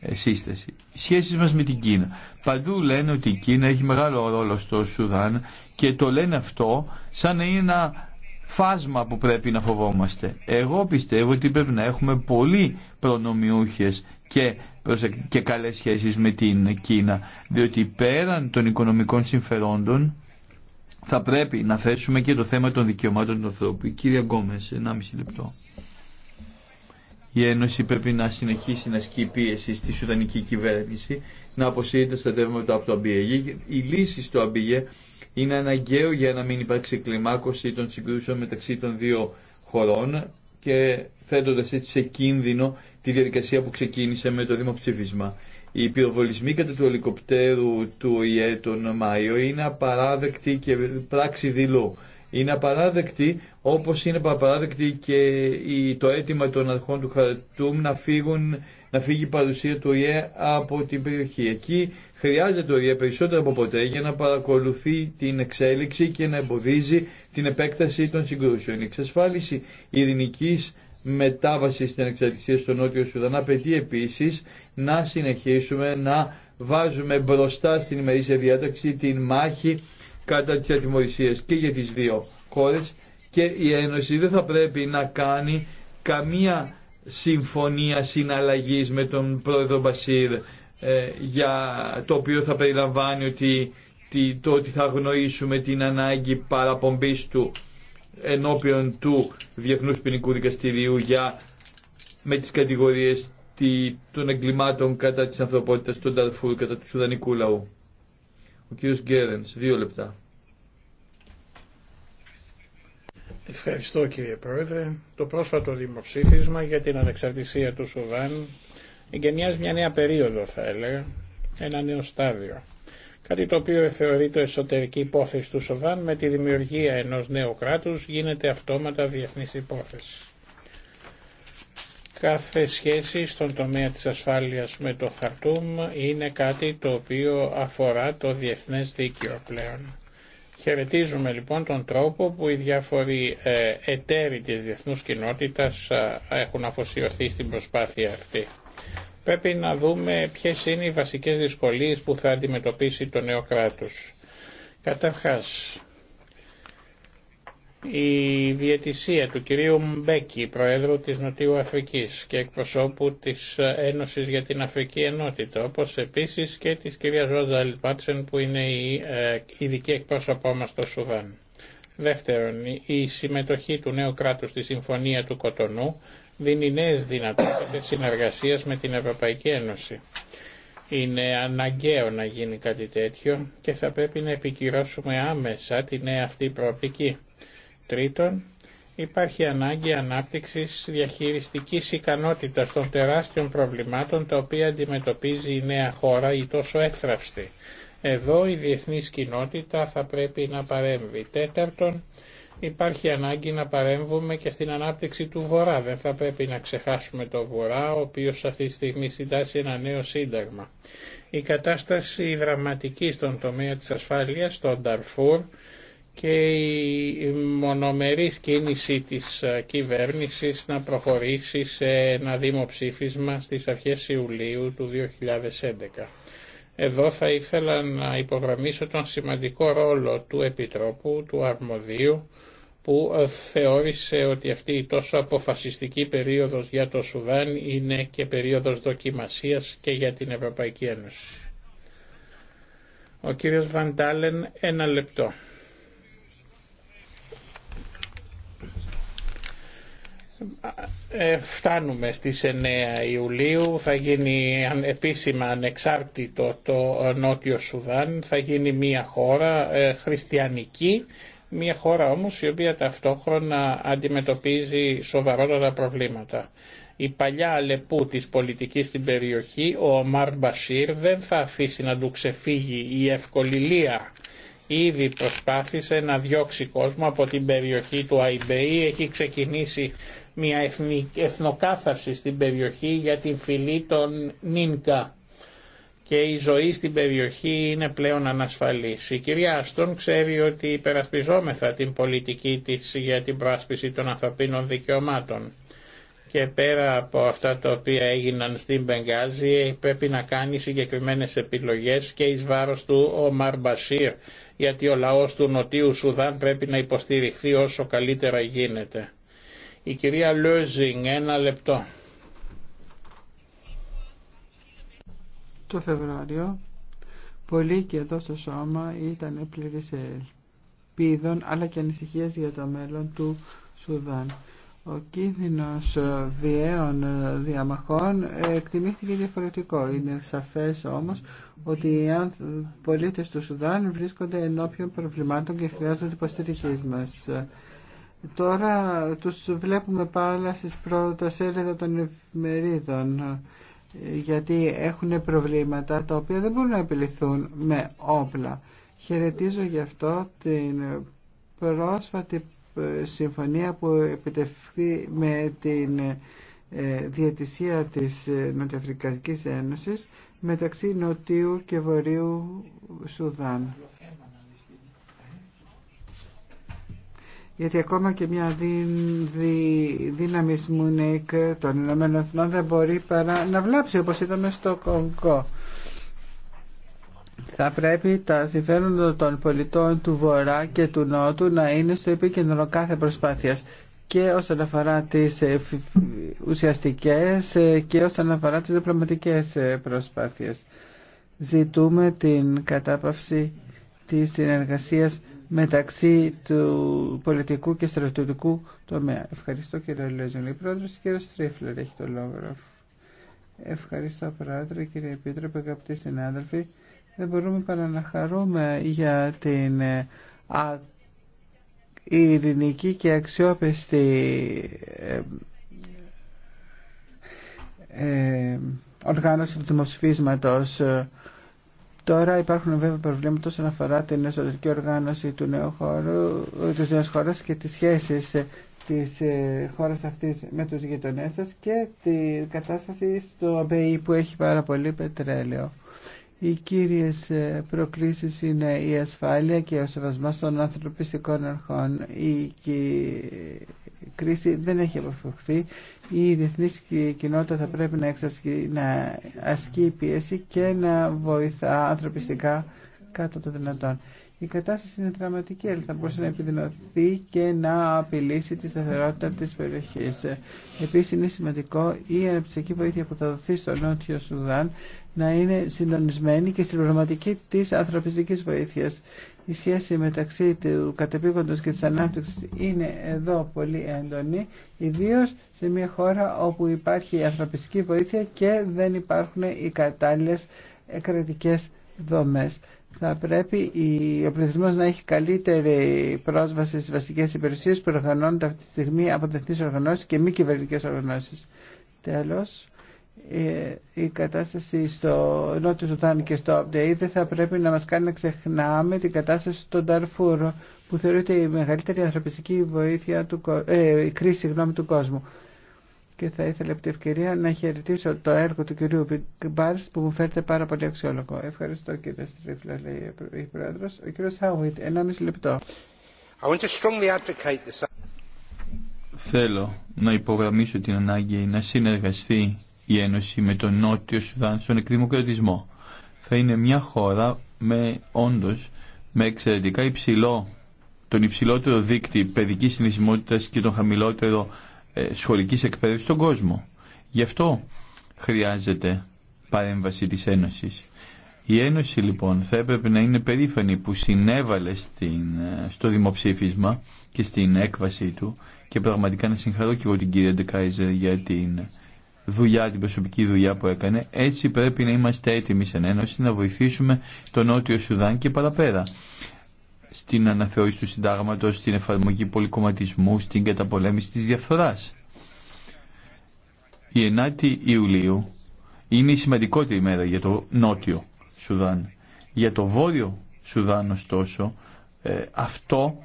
ε, σύσταση. σχέσεις μας με την Κίνα. Παντού λένε ότι η Κίνα έχει μεγάλο ρόλο στο Σουδάν και το λένε αυτό σαν να είναι ένα φάσμα που πρέπει να φοβόμαστε. Εγώ πιστεύω ότι πρέπει να έχουμε πολύ προνομιούχες και, και καλές σχέσεις με την Κίνα, διότι πέραν των οικονομικών συμφερόντων θα πρέπει να θέσουμε και το θέμα των δικαιωμάτων του ανθρώπου. Κύριε Γκόμες, 1,5 λεπτό. Η Ένωση πρέπει να συνεχίσει να ασκεί πίεση στη Σουδανική κυβέρνηση, να αποσύρει τα στρατεύματα από το Αμπίγε. Η λύση στο Αμπίγε είναι αναγκαίο για να μην υπάρξει κλιμάκωση των συγκρούσεων μεταξύ των δύο χωρών και θέτοντα έτσι σε κίνδυνο τη διαδικασία που ξεκίνησε με το δημοψήφισμα. Οι πυροβολισμοί κατά του ελικοπτέρου του ΟΗΕ τον Μάιο είναι απαράδεκτη και πράξη δηλού. Είναι απαράδεκτη όπως είναι απαράδεκτη και το αίτημα των αρχών του Χαρτούμ να, φύγουν, να φύγει η παρουσία του ΟΗΕ από την περιοχή. Εκεί χρειάζεται ο ΟΗΕ περισσότερο από ποτέ για να παρακολουθεί την εξέλιξη και να εμποδίζει την επέκταση των συγκρούσεων. Η εξασφάλιση ειρηνικής μετάβαση στην εξαρτησία στο Νότιο Σουδάν απαιτεί επίσης να συνεχίσουμε να βάζουμε μπροστά στην ημερήσια διάταξη την μάχη κατά της ατιμορρησίας και για τις δύο χώρες και η Ένωση δεν θα πρέπει να κάνει καμία συμφωνία συναλλαγής με τον πρόεδρο Μπασίρ ε, για το οποίο θα περιλαμβάνει ότι, το ότι θα γνωρίσουμε την ανάγκη παραπομπής του ενώπιον του Διεθνούς Ποινικού Δικαστηρίου για με τις κατηγορίες των εγκλημάτων κατά της ανθρωπότητας του Νταρφούρ κατά του Σουδανικού λαού. Ο κύριος Γκέρενς, δύο λεπτά. Ευχαριστώ κύριε Πρόεδρε. Το πρόσφατο δημοψήφισμα για την ανεξαρτησία του Σουδάν εγκαινιάζει μια νέα περίοδο θα έλεγα, ένα νέο στάδιο κάτι το οποίο το εσωτερική υπόθεση του Σοδάν με τη δημιουργία ενός νέου κράτους γίνεται αυτόματα διεθνής υπόθεση. Κάθε σχέση στον τομέα της ασφάλειας με το Χαρτούμ είναι κάτι το οποίο αφορά το διεθνές δίκαιο πλέον. Χαιρετίζουμε λοιπόν τον τρόπο που οι διάφοροι ε, εταίροι της διεθνούς κοινότητας ε, έχουν αφοσιωθεί στην προσπάθεια αυτή πρέπει να δούμε ποιες είναι οι βασικές δυσκολίες που θα αντιμετωπίσει το νέο κράτος. Καταρχάς, η διαιτησία του κυρίου Μπέκη, Προέδρου της Νοτιού Αφρικής και εκπροσώπου της Ένωσης για την Αφρική Ενότητα, όπως επίσης και της κυρίας Ρόζα Λιπάτσεν που είναι η ε, ειδική εκπρόσωπό μας στο Σουδάν. Δεύτερον, η συμμετοχή του νέου κράτους στη Συμφωνία του Κοτονού δίνει νέες δυνατότητες συνεργασίας με την Ευρωπαϊκή Ένωση. Είναι αναγκαίο να γίνει κάτι τέτοιο και θα πρέπει να επικυρώσουμε άμεσα τη νέα αυτή προοπτική. Τρίτον, υπάρχει ανάγκη ανάπτυξης διαχειριστικής ικανότητας των τεράστιων προβλημάτων τα οποία αντιμετωπίζει η νέα χώρα ή τόσο εύθραυστη. Εδώ η τοσο εθραυστη εδω κοινότητα θα πρέπει να παρέμβει. Τέταρτον, Υπάρχει ανάγκη να παρέμβουμε και στην ανάπτυξη του Βορρά. Δεν θα πρέπει να ξεχάσουμε το Βορρά, ο οποίος αυτή τη στιγμή συντάσσει ένα νέο σύνταγμα. Η κατάσταση δραματική στον τομέα της ασφάλειας, στον Ταρφούρ, και η μονομερής κίνηση της κυβέρνησης να προχωρήσει σε ένα δημοψήφισμα στις αρχές Ιουλίου του 2011. Εδώ θα ήθελα να υπογραμμίσω τον σημαντικό ρόλο του Επιτρόπου, του Αρμοδίου, που ε, θεώρησε ότι αυτή η τόσο αποφασιστική περίοδος για το Σουδάν είναι και περίοδος δοκιμασίας και για την Ευρωπαϊκή Ένωση. Ο κύριος Βαντάλεν, ένα λεπτό. Ε, φτάνουμε στις 9 Ιουλίου, θα γίνει επίσημα ανεξάρτητο το Νότιο Σουδάν, θα γίνει μια χώρα ε, χριστιανική μια χώρα όμως η οποία ταυτόχρονα αντιμετωπίζει σοβαρότατα προβλήματα. Η παλιά αλεπού της πολιτικής στην περιοχή, ο Ομάρ Μπασίρ, δεν θα αφήσει να του ξεφύγει η ευκολιλία. Ήδη προσπάθησε να διώξει κόσμο από την περιοχή του Αϊμπέη, έχει ξεκινήσει μια εθνοκάθαρση στην περιοχή για την φυλή των Νίνκα και η ζωή στην περιοχή είναι πλέον ανασφαλής. Η κυρία Αστόν ξέρει ότι υπερασπιζόμεθα την πολιτική της για την πράσπιση των ανθρωπίνων δικαιωμάτων και πέρα από αυτά τα οποία έγιναν στην Μπενγάζη πρέπει να κάνει συγκεκριμένες επιλογές και εις βάρος του ο Μαρμπασίρ γιατί ο λαός του Νοτίου Σουδάν πρέπει να υποστηριχθεί όσο καλύτερα γίνεται. Η κυρία Λόζινγκ, ένα λεπτό. το Φεβρουάριο πολλοί και εδώ στο σώμα ήταν πλήρες ελπίδων αλλά και ανησυχίες για το μέλλον του Σουδάν. Ο κίνδυνος βιαίων διαμαχών εκτιμήθηκε διαφορετικό. Είναι σαφές όμως ότι οι πολίτες του Σουδάν βρίσκονται ενώπιον προβλημάτων και χρειάζονται υποστηριχή μας. Τώρα τους βλέπουμε πάλι στις πρώτα σέλιδα των εφημερίδων γιατί έχουν προβλήματα τα οποία δεν μπορούν να επιληθούν με όπλα. Χαιρετίζω γι' αυτό την πρόσφατη ε, συμφωνία που επιτευχθεί με την ε, διατησία της ε, Νοτιοαφρικανικής Ένωσης μεταξύ Νοτιού και Βορείου Σουδάν. γιατί ακόμα και μια δύναμη Σμουνίκ των Ηνωμένων Εθνών δεν μπορεί παρά να βλάψει όπως είδαμε στο Κονγκό. Θα πρέπει τα συμφέροντα των πολιτών του Βορρά και του Νότου να είναι στο επίκεντρο κάθε προσπάθειας και όσον αφορά τις ε, ουσιαστικές ε, και όσον αφορά τις διπλωματικές ε, προσπάθειες. Ζητούμε την κατάπαυση της συνεργασίας μεταξύ του πολιτικού και στρατιωτικού τομέα. Ευχαριστώ κύριε Λέζον. Πρόεδρο, κύριε Στρίφλερ έχει το λόγο. Ευχαριστώ πρόεδρε κύριε Επίτροπε, αγαπητοί συνάδελφοι. Δεν μπορούμε παρά να χαρούμε για την ε, ειρηνική και αξιόπιστη ε, ε, οργάνωση του δημοψηφίσματος Τώρα υπάρχουν βέβαια προβλήματα όσον αφορά την εσωτερική οργάνωση του νέου χώρου, της νέας χώρας και τις σχέσεις ε, της ε, χώρας αυτής με τους γειτονές σας και την κατάσταση στο ΑΠΕΗ που έχει πάρα πολύ πετρέλαιο. Οι κύριες ε, προκλήσεις είναι η ασφάλεια και ο σεβασμός των ανθρωπιστικών ερχών. Η κρίση δεν έχει αποφευχθεί. Η διεθνή κοινότητα θα πρέπει να, εξασκεί, να ασκεί πίεση και να βοηθά ανθρωπιστικά κάτω των δυνατών. Η κατάσταση είναι δραματική, αλλά θα μπορούσε να επιδεινωθεί και να απειλήσει τη σταθερότητα τη περιοχή. Επίση, είναι σημαντικό η αναπτυξιακή βοήθεια που θα δοθεί στο Νότιο Σουδάν να είναι συντονισμένη και στην πραγματική τη ανθρωπιστική βοήθεια. Η σχέση μεταξύ του κατεπήγοντο και τη ανάπτυξη είναι εδώ πολύ έντονη, ιδίω σε μια χώρα όπου υπάρχει η ανθρωπιστική βοήθεια και δεν υπάρχουν οι κατάλληλε κρατικέ δομέ θα πρέπει ο πληθυσμό να έχει καλύτερη πρόσβαση στι βασικέ υπηρεσίε που οργανώνονται αυτή τη στιγμή από διεθνεί οργανώσει και μη κυβερνητικέ οργανώσει. Τέλο, ε, η κατάσταση στο Νότιο Σουδάν και στο update θα πρέπει να μα κάνει να ξεχνάμε την κατάσταση στον Ταρφούρο, που θεωρείται η μεγαλύτερη ανθρωπιστική βοήθεια του, ε, κρίση γνώμη του κόσμου και θα ήθελα από την ευκαιρία να χαιρετήσω το έργο του κυρίου Μπάρς που μου φέρεται πάρα πολύ αξιόλογο. Ευχαριστώ κύριε Στρίφλα, λέει η πρόεδρος. Ο κύριος Χάουιτ, ένα μισή λεπτό. Θέλω να υπογραμμίσω την ανάγκη να συνεργαστεί η Ένωση με τον Νότιο Σουδάν στον εκδημοκρατισμό. Θα είναι μια χώρα με όντως με εξαιρετικά υψηλό τον υψηλότερο δίκτυο παιδικής συνεισμότητας και τον χαμηλότερο ε, σχολικής εκπαίδευσης στον κόσμο. Γι' αυτό χρειάζεται παρέμβαση της Ένωσης. Η Ένωση λοιπόν θα έπρεπε να είναι περήφανη που συνέβαλε στην, ε, στο δημοψήφισμα και στην έκβασή του και πραγματικά να συγχαρώ και εγώ την κυρία Ντεκάιζερ για την δουλειά, την προσωπική δουλειά που έκανε. Έτσι πρέπει να είμαστε έτοιμοι σαν Ένωση να βοηθήσουμε τον Νότιο Σουδάν και παραπέρα στην αναθεώρηση του συντάγματος, στην εφαρμογή πολυκομματισμού, στην καταπολέμηση της διαφθοράς. Η 9η Ιουλίου είναι η σημαντικότερη ημέρα για το Νότιο Σουδάν. Για το Βόρειο Σουδάν, ωστόσο, ε, αυτό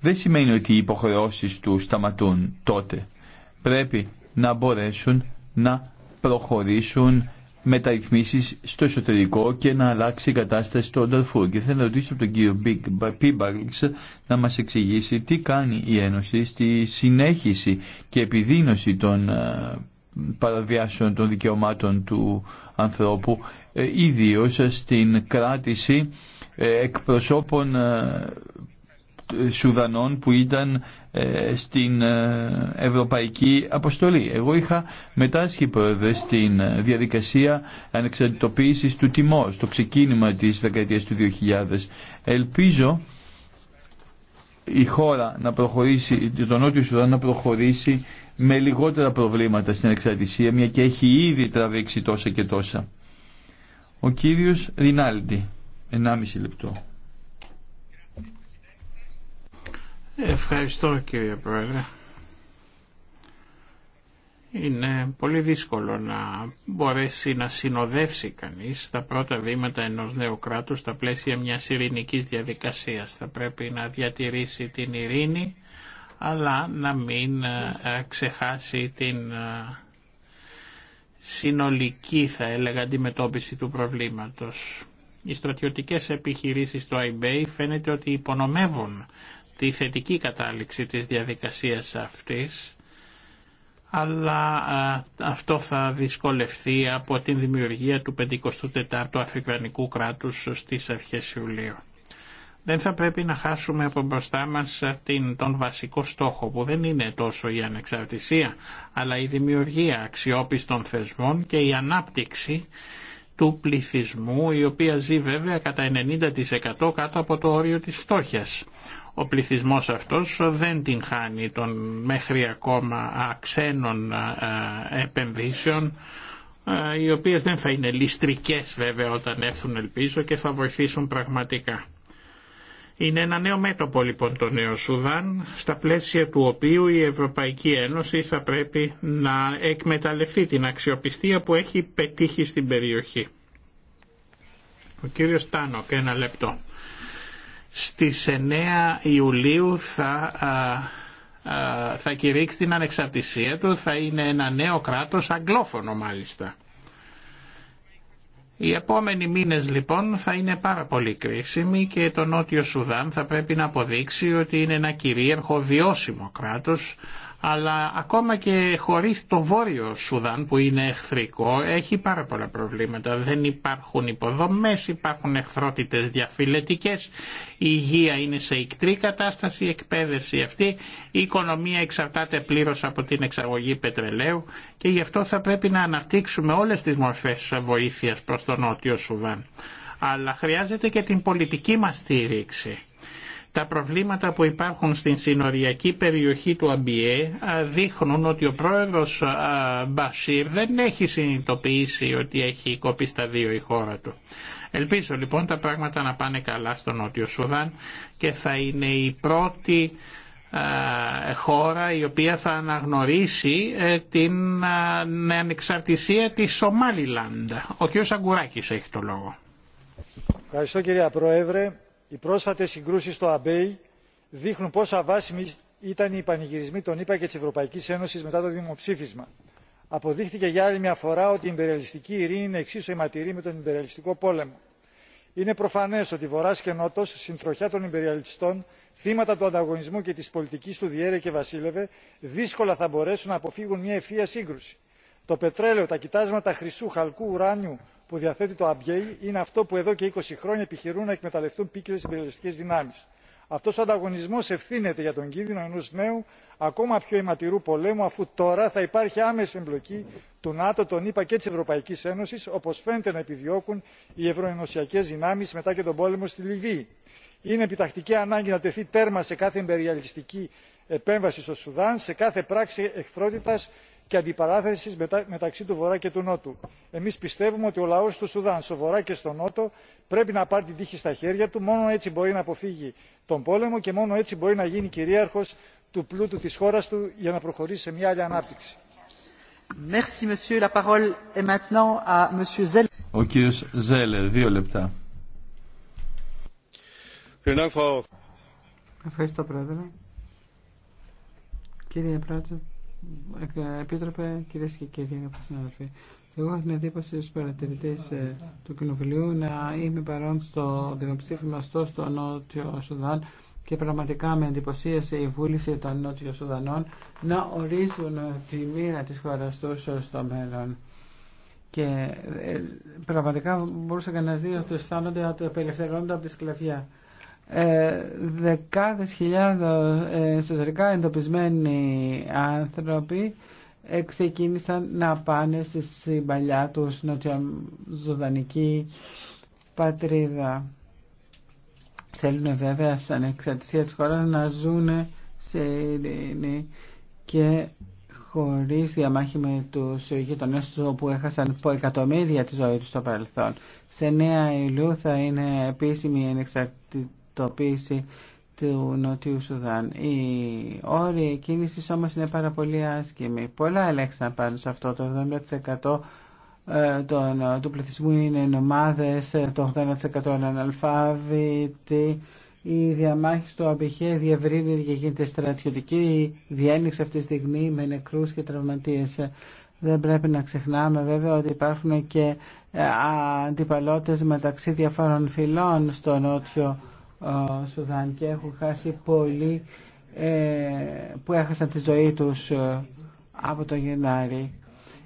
δεν σημαίνει ότι οι υποχρεώσεις του σταματούν τότε. Πρέπει να μπορέσουν να προχωρήσουν μεταρρυθμίσεις στο εσωτερικό και να αλλάξει η κατάσταση στο Νταρφούρ. Και θέλω να ρωτήσω τον κύριο Πίμπαρξ να μας εξηγήσει τι κάνει η Ένωση στη συνέχιση και επιδείνωση των ε, παραβιάσεων των δικαιωμάτων του ανθρώπου, ε, ιδίως στην κράτηση ε, εκπροσώπων Σουδανών που ήταν ε, στην ε, Ευρωπαϊκή Αποστολή. Εγώ είχα μετάσχει πρόεδρε στην ε, διαδικασία ανεξαρτητοποίησης του τιμό στο ξεκίνημα της δεκαετίας του 2000. Ελπίζω η χώρα να προχωρήσει, το Νότιο Σουδάν να προχωρήσει με λιγότερα προβλήματα στην εξαρτησία, μια και έχει ήδη τραβήξει τόσα και τόσα. Ο κύριος Ρινάλντι, 1,5 λεπτό. Ευχαριστώ κύριε Πρόεδρε. Είναι πολύ δύσκολο να μπορέσει να συνοδεύσει κανείς τα πρώτα βήματα ενός νέου κράτους στα πλαίσια μιας ειρηνικής διαδικασίας. Θα πρέπει να διατηρήσει την ειρήνη αλλά να μην ε, ξεχάσει την ε, συνολική θα έλεγα αντιμετώπιση του προβλήματος. Οι στρατιωτικές επιχειρήσεις στο ΑΙΜΠΕΙ φαίνεται ότι υπονομεύουν τη θετική κατάληξη της διαδικασίας αυτής, αλλά αυτό θα δυσκολευτεί από την δημιουργία του 54ου Αφρικανικού κράτους στις αρχές Ιουλίου. Δεν θα πρέπει να χάσουμε από μπροστά μας την, τον βασικό στόχο που δεν είναι τόσο η ανεξαρτησία αλλά η δημιουργία αξιόπιστων θεσμών και η ανάπτυξη του πληθυσμού η οποία ζει βέβαια κατά 90% κάτω από το όριο της φτώχειας. Ο πληθυσμός αυτός δεν την χάνει των μέχρι ακόμα αξένων ε, επενδύσεων ε, οι οποίες δεν θα είναι ληστρικές βέβαια όταν έρθουν ελπίζω και θα βοηθήσουν πραγματικά. Είναι ένα νέο μέτωπο λοιπόν το νέο Σουδάν, στα πλαίσια του οποίου η Ευρωπαϊκή Ένωση θα πρέπει να εκμεταλλευτεί την αξιοπιστία που έχει πετύχει στην περιοχή. Ο κύριος Τάνοκ, ένα λεπτό. Στις 9 Ιουλίου θα, θα κηρύξει την ανεξαρτησία του, θα είναι ένα νέο κράτος, αγγλόφωνο μάλιστα. Οι επόμενοι μήνες λοιπόν θα είναι πάρα πολύ κρίσιμοι και το Νότιο Σουδάν θα πρέπει να αποδείξει ότι είναι ένα κυρίαρχο βιώσιμο κράτος αλλά ακόμα και χωρίς το βόρειο Σουδάν που είναι εχθρικό έχει πάρα πολλά προβλήματα. Δεν υπάρχουν υποδομές, υπάρχουν εχθρότητες διαφυλετικές, η υγεία είναι σε ικτρή κατάσταση, η εκπαίδευση αυτή, η οικονομία εξαρτάται πλήρως από την εξαγωγή πετρελαίου και γι' αυτό θα πρέπει να αναπτύξουμε όλες τις μορφές βοήθειας προς τον Νότιο Σουδάν. Αλλά χρειάζεται και την πολιτική μας στήριξη τα προβλήματα που υπάρχουν στην συνοριακή περιοχή του Αμπιέ δείχνουν ότι ο πρόεδρος Μπασίρ δεν έχει συνειδητοποιήσει ότι έχει κοπεί στα δύο η χώρα του. Ελπίζω λοιπόν τα πράγματα να πάνε καλά στο Νότιο Σουδάν και θα είναι η πρώτη χώρα η οποία θα αναγνωρίσει ε, την ανεξαρτησία της Σομάλιλάντα. Ο κ. Σαγκουράκης έχει το λόγο. Ευχαριστώ κυρία Πρόεδρε οι πρόσφατες συγκρούσεις στο αμπέι δείχνουν πόσο αβάσιμοι ήταν οι πανηγυρισμοί των ηπα και της ευρωπαϊκής ένωσης μετά το δημοψήφισμα. αποδείχθηκε για άλλη μια φορά ότι η υπεριαλιστική ειρήνη είναι εξίσου αιματηρή με τον υπεριαλιστικό πόλεμο. είναι προφανές ότι βορράς και νότος συντροχιά των υπεριαλιστών θύματα του ανταγωνισμού και της πολιτικής του διέρε και βασίλευε δύσκολα θα μπορέσουν να αποφύγουν μια ευθεία σύγκρουση το πετρέλαιο τα κοιτάσματα χρυσού χαλκού ουράνιου που διαθέτει το αμπιέι είναι αυτό που εδώ και 20 χρόνια επιχειρούν να εκμεταλλευτούν ποικίλε imperialistικέ δυνάμει. Αυτό ο ανταγωνισμό ευθύνεται για τον κίνδυνο ενό νέου ακόμα πιο αιματηρού πολέμου αφού τώρα θα υπάρχει άμεση εμπλοκή του ΝΑΤΟ, των ΗΠΑ και τη Ευρωπαϊκή Ένωση όπω φαίνεται να επιδιώκουν οι ευρωενωσιακέ δυνάμει μετά και τον πόλεμο στη Λιβύη. Είναι επιτακτική ανάγκη να τεθεί τέρμα σε κάθε εμπεριαλιστική επέμβαση στο Σουδάν, σε κάθε πράξη εχθρότητα και αντιπαράθεση μεταξύ του Βορρά και του Νότου. Εμεί πιστεύουμε ότι ο λαό του Σουδάν, στο Βορρά και στο Νότο, πρέπει να πάρει την τύχη στα χέρια του, μόνο έτσι μπορεί να αποφύγει τον πόλεμο και μόνο έτσι μπορεί να γίνει κυρίαρχο του πλούτου τη χώρα του για να προχωρήσει σε μια άλλη ανάπτυξη. Επίτροπε, κυρίε και κύριοι, αγαπητοί συνάδελφοι. Εγώ έχω την εντύπωση στου παρατηρητέ ε, του Κοινοβουλίου να είμαι παρόν στο δημοψήφισμα στο Νότιο Σουδάν και πραγματικά με εντυπωσίασε η βούληση των Νότιων Σουδανών να ορίζουν ε, τη μοίρα τη χώρα του ε, στο μέλλον. Και πραγματικά μπορούσε να να ότι αισθάνονται ότι απελευθερώνονται από τη σκλαβιά. Ε, δεκάδες χιλιάδες εσωτερικά εντοπισμένοι άνθρωποι ξεκίνησαν να πάνε στη συμπαλιά τους νοτιοζωδανική πατρίδα. Θέλουν βέβαια σαν εξαρτησία της χώρας να ζουν σε ειρήνη και χωρίς διαμάχη με τους γειτονές τους όπου έχασαν εκατομμύρια τη ζωή τους στο παρελθόν. Σε νέα ηλίου θα είναι επίσημη η του Νότιου Σουδάν. Οι όροι κίνηση όμω είναι πάρα πολύ άσχημοι. Πολλά ελέγξαν πάνω σε αυτό. Το 70% ε, των, του πληθυσμού είναι ομάδε, το 80% είναι αναλφάβητοι. Η διαμάχη στο Αμπιχέ διευρύνει και γίνεται στρατιωτική. Διένυξε αυτή τη στιγμή με νεκρούς και τραυματίες. Δεν πρέπει να ξεχνάμε βέβαια ότι υπάρχουν και ε, αντιπαλότητες μεταξύ διαφόρων φυλών στο νότιο Σουδάν και έχουν χάσει πολλοί ε, που έχασαν τη ζωή τους ε, από τον Γενάρη.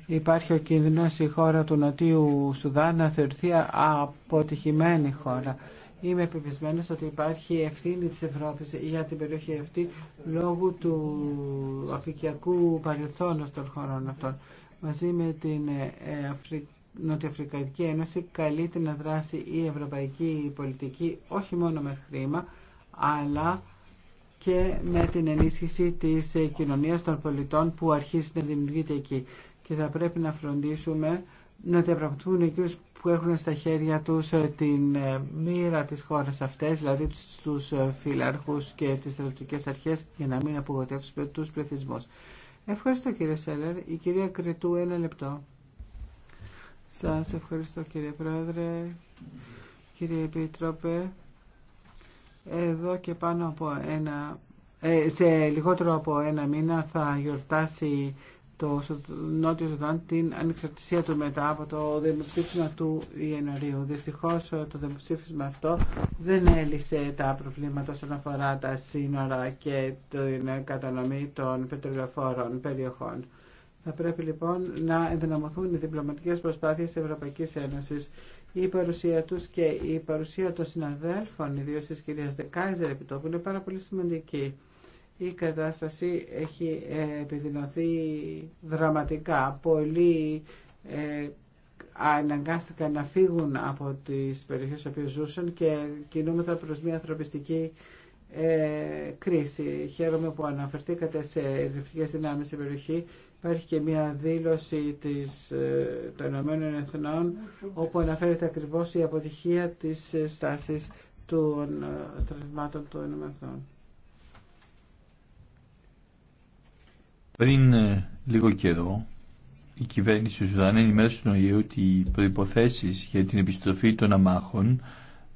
Υπάρχει ο κίνδυνος η χώρα του Νοτιού Σουδάν να θεωρηθεί αποτυχημένη χώρα. Είμαι επιβεβαιωμένος ότι υπάρχει ευθύνη της Ευρώπης για την περιοχή αυτή λόγω του αφρικιακού παρελθόνου των χωρών αυτών. Μαζί με την ε, Αφρική Νοτιοαφρικανική Ένωση καλείται να δράσει η ευρωπαϊκή πολιτική όχι μόνο με χρήμα, αλλά και με την ενίσχυση της κοινωνίας των πολιτών που αρχίζει να δημιουργείται εκεί. Και θα πρέπει να φροντίσουμε να διαπραγματευτούν εκείνους που έχουν στα χέρια τους ε, την ε, μοίρα της χώρας αυτές, δηλαδή τους ε, φιλαρχούς και τις στρατιωτικές αρχές, για να μην απογοτεύσουμε τους πληθυσμούς. Ευχαριστώ κύριε Σέλερ. Η κυρία Κρετού, ένα λεπτό. Σας ευχαριστώ κύριε Πρόεδρε, κύριε Επίτροπε. Εδώ και πάνω από ένα, ε, σε λιγότερο από ένα μήνα θα γιορτάσει το Νότιο Ζωδάν την ανεξαρτησία του μετά από το δημοψήφισμα του Ιανουαρίου. Δυστυχώ το δημοψήφισμα αυτό δεν έλυσε τα προβλήματα όσον αφορά τα σύνορα και την κατανομή των πετρελαφόρων περιοχών. Θα πρέπει λοιπόν να ενδυναμωθούν οι διπλωματικέ προσπάθειε της Ευρωπαϊκής Ένωσης. Η παρουσία του και η παρουσία των συναδέλφων, ιδίω τη κυρία Δεκάιζερ επιτόπου, είναι πάρα πολύ σημαντική. Η κατάσταση έχει ε, επιδεινωθεί δραματικά. Πολλοί ε, αναγκάστηκαν να φύγουν από τις περιοχές στις ζούσαν και κινούμεθα προς μια ανθρωπιστική ε, κρίση. Χαίρομαι που αναφερθήκατε σε ρευτικές δυνάμεις στην περιοχή Υπάρχει και μια δήλωση της, ε, των Ηνωμένων Εθνών όπου αναφέρεται ακριβώς η αποτυχία της ε, στάσης των ε, στρατευμάτων των Ηνωμένων Εθνών. Πριν λίγο καιρό, η κυβέρνηση του Σουδάν ενημέρωσε τον ΙΕ ότι οι προϋποθέσεις για την επιστροφή των αμάχων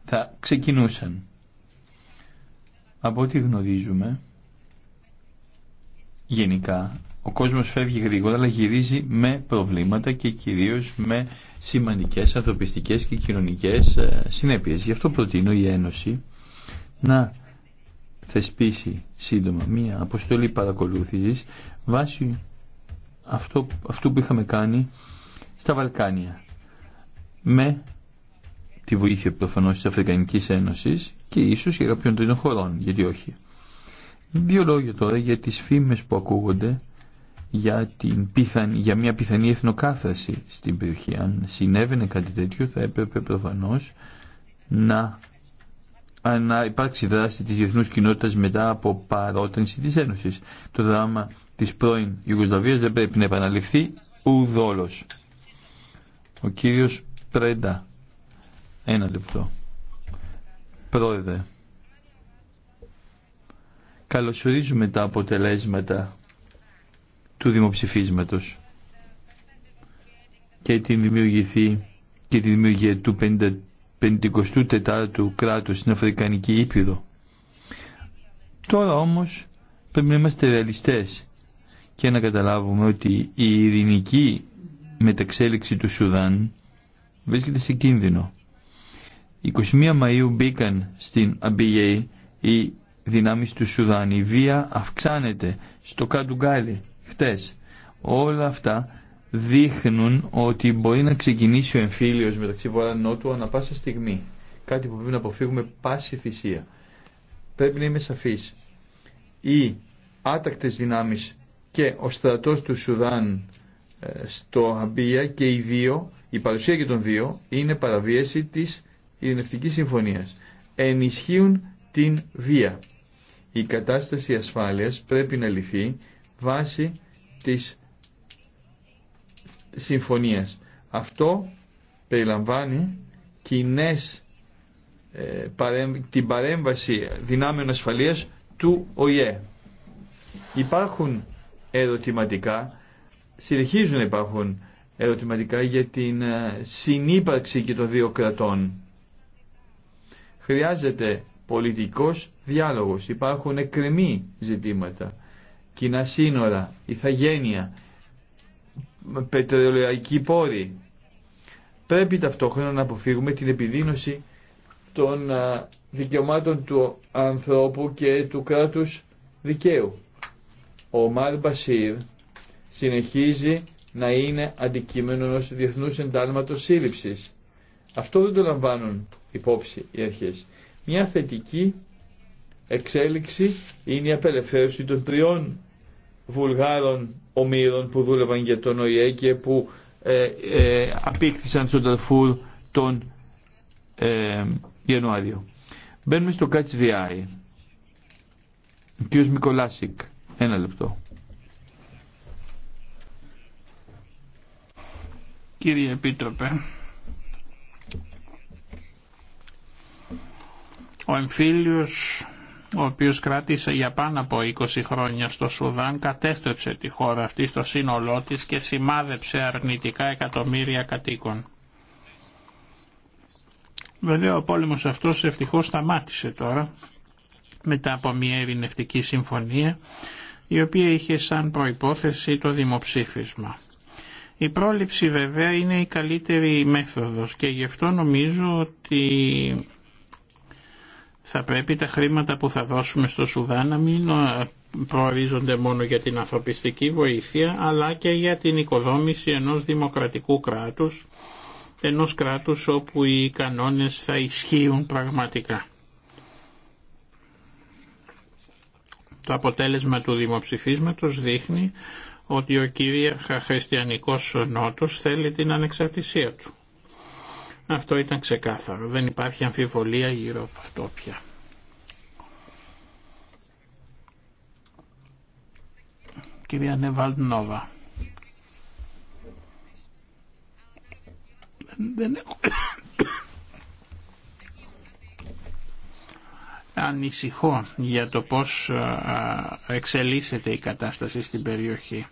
θα ξεκινούσαν. Από ό,τι γνωρίζουμε, γενικά ο κόσμος φεύγει γρήγορα αλλά γυρίζει με προβλήματα και κυρίως με σημαντικές ανθρωπιστικές και κοινωνικές ε, συνέπειες. Γι' αυτό προτείνω η Ένωση να θεσπίσει σύντομα μία αποστολή παρακολούθησης βάσει αυτό, αυτού που είχαμε κάνει στα Βαλκάνια με τη βοήθεια προφανώς της Αφρικανικής Ένωσης και ίσως και κάποιον τρίτων χωρών, γιατί όχι. Δύο λόγια τώρα για τις φήμες που ακούγονται για, την πιθανή, για μια πιθανή εθνοκάθαση στην περιοχή. Αν συνέβαινε κάτι τέτοιο θα έπρεπε προφανώ να, να υπάρξει δράση της διεθνούς κοινότητας μετά από παρότενση της Ένωσης. Το δράμα της πρώην Ιουγκοσλαβίας δεν πρέπει να επαναληφθεί ουδόλως. Ο κύριος Πρέντα. Ένα λεπτό. Πρόεδρε. Καλωσορίζουμε τα αποτελέσματα του δημοψηφίσματος και την δημιουργηθεί και τη δημιουργία του 54ου κράτους στην Αφρικανική Ήπειρο. Τώρα όμως πρέπει να είμαστε ρεαλιστές και να καταλάβουμε ότι η ειρηνική μεταξέλιξη του Σουδάν βρίσκεται σε κίνδυνο. 21 Μαΐου μπήκαν στην Αμπιγέη οι δυνάμεις του Σουδάν. Η βία αυξάνεται στο Καντουγκάλι χτες. Όλα αυτά δείχνουν ότι μπορεί να ξεκινήσει ο εμφύλιος μεταξύ Βορρά Νότου ανα πάσα στιγμή. Κάτι που πρέπει να αποφύγουμε πάση θυσία. Πρέπει να είμαι σαφής. Οι άτακτες δυνάμεις και ο στρατός του Σουδάν ε, στο Αμπία και οι δύο, η παρουσία και των δύο, είναι παραβίαση της Ειρηνευτικής Συμφωνίας. Ενισχύουν την βία. Η κατάσταση ασφάλειας πρέπει να λυθεί βάση της συμφωνίας. Αυτό περιλαμβάνει κοινές, ε, την παρέμβαση δυνάμεων ασφαλείας του ΟΗΕ. Υπάρχουν ερωτηματικά, συνεχίζουν να υπάρχουν ερωτηματικά για την ε, συνύπαρξη και των δύο κρατών. Χρειάζεται πολιτικός διάλογος. Υπάρχουν εκκρεμή ζητήματα κοινά σύνορα, ηθαγένεια, πετρελαϊκή πόρη. Πρέπει ταυτόχρονα να αποφύγουμε την επιδείνωση των δικαιωμάτων του ανθρώπου και του κράτους δικαίου. Ο Μαρ Μπασίρ συνεχίζει να είναι αντικείμενο ενός διεθνούς εντάλματος σύλληψης. Αυτό δεν το λαμβάνουν υπόψη οι αρχές. Μια θετική εξέλιξη είναι η απελευθέρωση των τριών Βουλγάρων ομήρων που δούλευαν για τον ΟΗΕ και που ε, ε απήχθησαν στον Ταρφούρ τον ε, Ιανουάριο. Μπαίνουμε στο Κάτς Ο κ. Μικολάσικ. Ένα λεπτό. Κύριε Επίτροπε, ο εμφύλιος ο οποίος κράτησε για πάνω από 20 χρόνια στο Σουδάν, κατέστρεψε τη χώρα αυτή στο σύνολό της και σημάδεψε αρνητικά εκατομμύρια κατοίκων. Βέβαια ο πόλεμος αυτός ευτυχώς σταμάτησε τώρα, μετά από μια ειρηνευτική συμφωνία, η οποία είχε σαν προϋπόθεση το δημοψήφισμα. Η πρόληψη βέβαια είναι η καλύτερη μέθοδος και γι' αυτό νομίζω ότι θα πρέπει τα χρήματα που θα δώσουμε στο Σουδάν να μην ε, προορίζονται μόνο για την ανθρωπιστική βοήθεια αλλά και για την οικοδόμηση ενός δημοκρατικού κράτους ενός κράτους όπου οι κανόνες θα ισχύουν πραγματικά. Το αποτέλεσμα του δημοψηφίσματος δείχνει ότι ο κυρίαρχα χριστιανικός νότος θέλει την ανεξαρτησία του. Αυτό ήταν ξεκάθαρο. Δεν υπάρχει αμφιβολία γύρω από αυτό πια. Κυρία Νεβαλνόβα. Δεν Ανησυχώ για το πώς εξελίσσεται η κατάσταση στην περιοχή.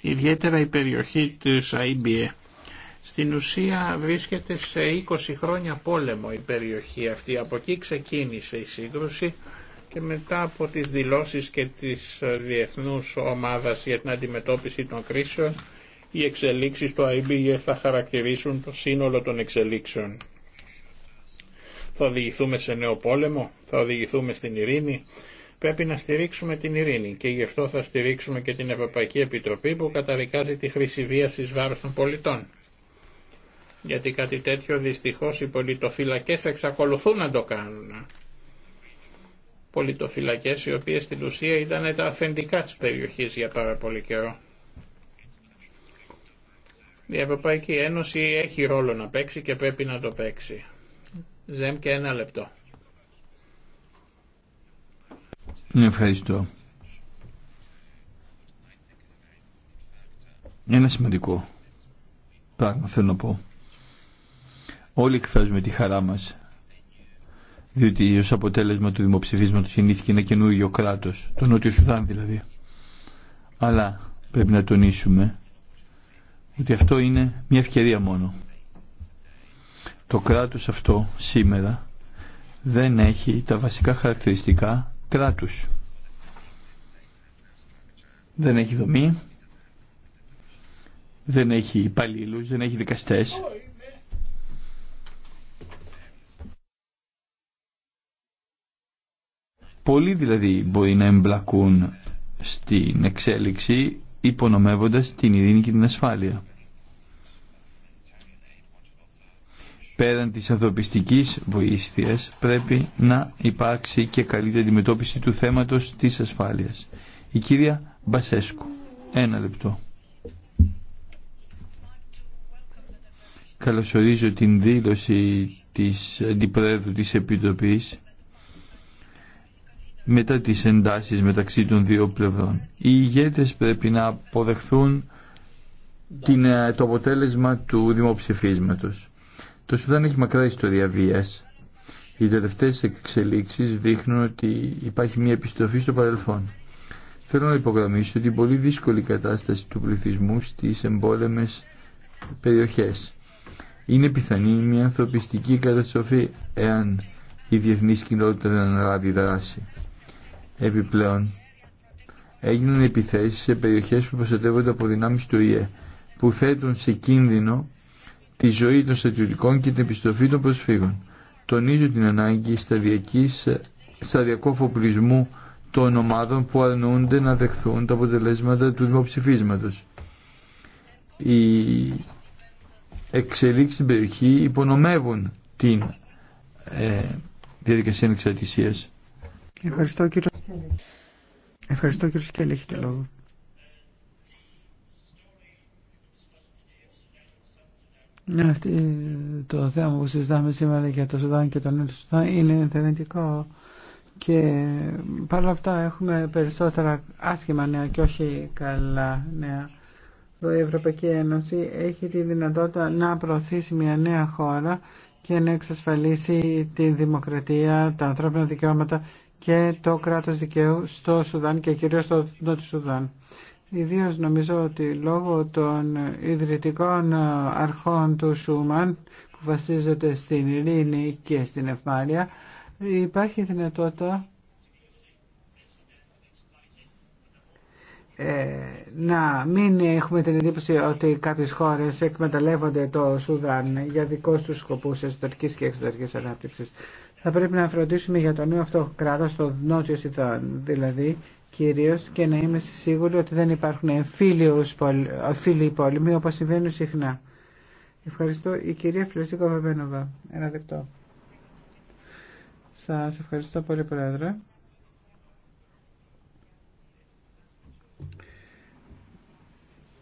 Ιδιαίτερα η περιοχή του ΑΕΜΠΙΕ στην ουσία βρίσκεται σε 20 χρόνια πόλεμο η περιοχή αυτή. Από εκεί ξεκίνησε η σύγκρουση και μετά από τις δηλώσεις και της ε, Διεθνούς Ομάδας για την Αντιμετώπιση των Κρίσεων οι εξελίξεις του IBF θα χαρακτηρίσουν το σύνολο των εξελίξεων. Θα οδηγηθούμε σε νέο πόλεμο, θα οδηγηθούμε στην ειρήνη. Πρέπει να στηρίξουμε την ειρήνη και γι' αυτό θα στηρίξουμε και την Ευρωπαϊκή Επιτροπή που καταδικάζει τη χρήση βίας εις βάρος των πολιτών γιατί κάτι τέτοιο δυστυχώς οι πολιτοφυλακές εξακολουθούν να το κάνουν. Πολιτοφυλακές οι οποίες στην ουσία ήταν τα αφεντικά της περιοχής για πάρα πολύ καιρό. Η Ευρωπαϊκή Ένωση έχει ρόλο να παίξει και πρέπει να το παίξει. Ζέμ και ένα λεπτό. Ευχαριστώ. Ένα σημαντικό πράγμα θέλω να πω. Όλοι εκφράζουμε τη χαρά μας, διότι ως αποτέλεσμα του δημοψηφίσματος γεννήθηκε ένα καινούργιο κράτος, το Νότιο Σουδάν δηλαδή. Αλλά πρέπει να τονίσουμε ότι αυτό είναι μια ευκαιρία μόνο. Το κράτος αυτό σήμερα δεν έχει τα βασικά χαρακτηριστικά κράτους. Δεν έχει δομή, δεν έχει υπαλλήλου, δεν έχει δικαστές, Πολλοί δηλαδή μπορεί να εμπλακούν στην εξέλιξη υπονομεύοντας την ειρήνη και την ασφάλεια. Πέραν της ανθρωπιστικής βοήθειας πρέπει να υπάρξει και καλύτερη αντιμετώπιση του θέματος της ασφάλειας. Η κυρία Μπασέσκου. Ένα λεπτό. Καλωσορίζω την δήλωση της Αντιπρόεδρου της Επιτροπής μετά τις εντάσεις μεταξύ των δύο πλευρών. Οι ηγέτες πρέπει να αποδεχθούν την, ε, το αποτέλεσμα του δημοψηφίσματος. Το Σουδάν έχει μακρά ιστορία βίας. Οι τελευταίες εξελίξεις δείχνουν ότι υπάρχει μια επιστροφή στο παρελθόν. Θέλω να υπογραμμίσω την πολύ δύσκολη κατάσταση του πληθυσμού στις εμπόλεμες περιοχές. Είναι πιθανή μια ανθρωπιστική καταστροφή εάν η διεθνής κοινότητα δεν αναλάβει δράση. Επιπλέον, έγιναν επιθέσεις σε περιοχές που προστατεύονται από δυνάμεις του ΙΕ, που θέτουν σε κίνδυνο τη ζωή των στρατιωτικών και την επιστροφή των προσφύγων. Τονίζω την ανάγκη σταδιακού φοπλισμού των ομάδων που αρνούνται να δεχθούν τα αποτελέσματα του δημοψηφίσματος. Οι εξελίξεις στην περιοχή υπονομεύουν την ε, διαδικασία εξαρτησίας. Ευχαριστώ Ευχαριστώ κύριε Σκέλη, έχετε λόγο. Ναι, αυτή, το θέμα που συζητάμε σήμερα για το Σουδάν και τον Νότιο Σουδάν είναι ενθαρρυντικό και όλα αυτά έχουμε περισσότερα άσχημα νέα και όχι καλά νέα. Η Ευρωπαϊκή Ένωση έχει τη δυνατότητα να προωθήσει μια νέα χώρα και να εξασφαλίσει τη δημοκρατία, τα ανθρώπινα δικαιώματα και το κράτος δικαίου στο Σουδάν και κυρίως στο Νότιο Σουδάν. Ιδίως νομίζω ότι λόγω των ιδρυτικών ε, αρχών του Σούμαν που βασίζονται στην ειρήνη και στην ευμάρεια υπάρχει δυνατότητα ε, να μην έχουμε την εντύπωση ότι κάποιες χώρες εκμεταλλεύονται το Σουδάν για δικό τους σκοπούς εσωτερικής και εξωτερικής ανάπτυξης θα πρέπει να φροντίσουμε για τον νέο αυτό κράτο στο νότιο Σιδόν, δηλαδή κυρίω και να είμαστε σίγουροι ότι δεν υπάρχουν εμφύλιοι πόλεμοι όπως συμβαίνουν συχνά. Ευχαριστώ. Η κυρία Φλωσίκο Βεμπένοβα. Ένα λεπτό. Σας ευχαριστώ πολύ Πρόεδρε.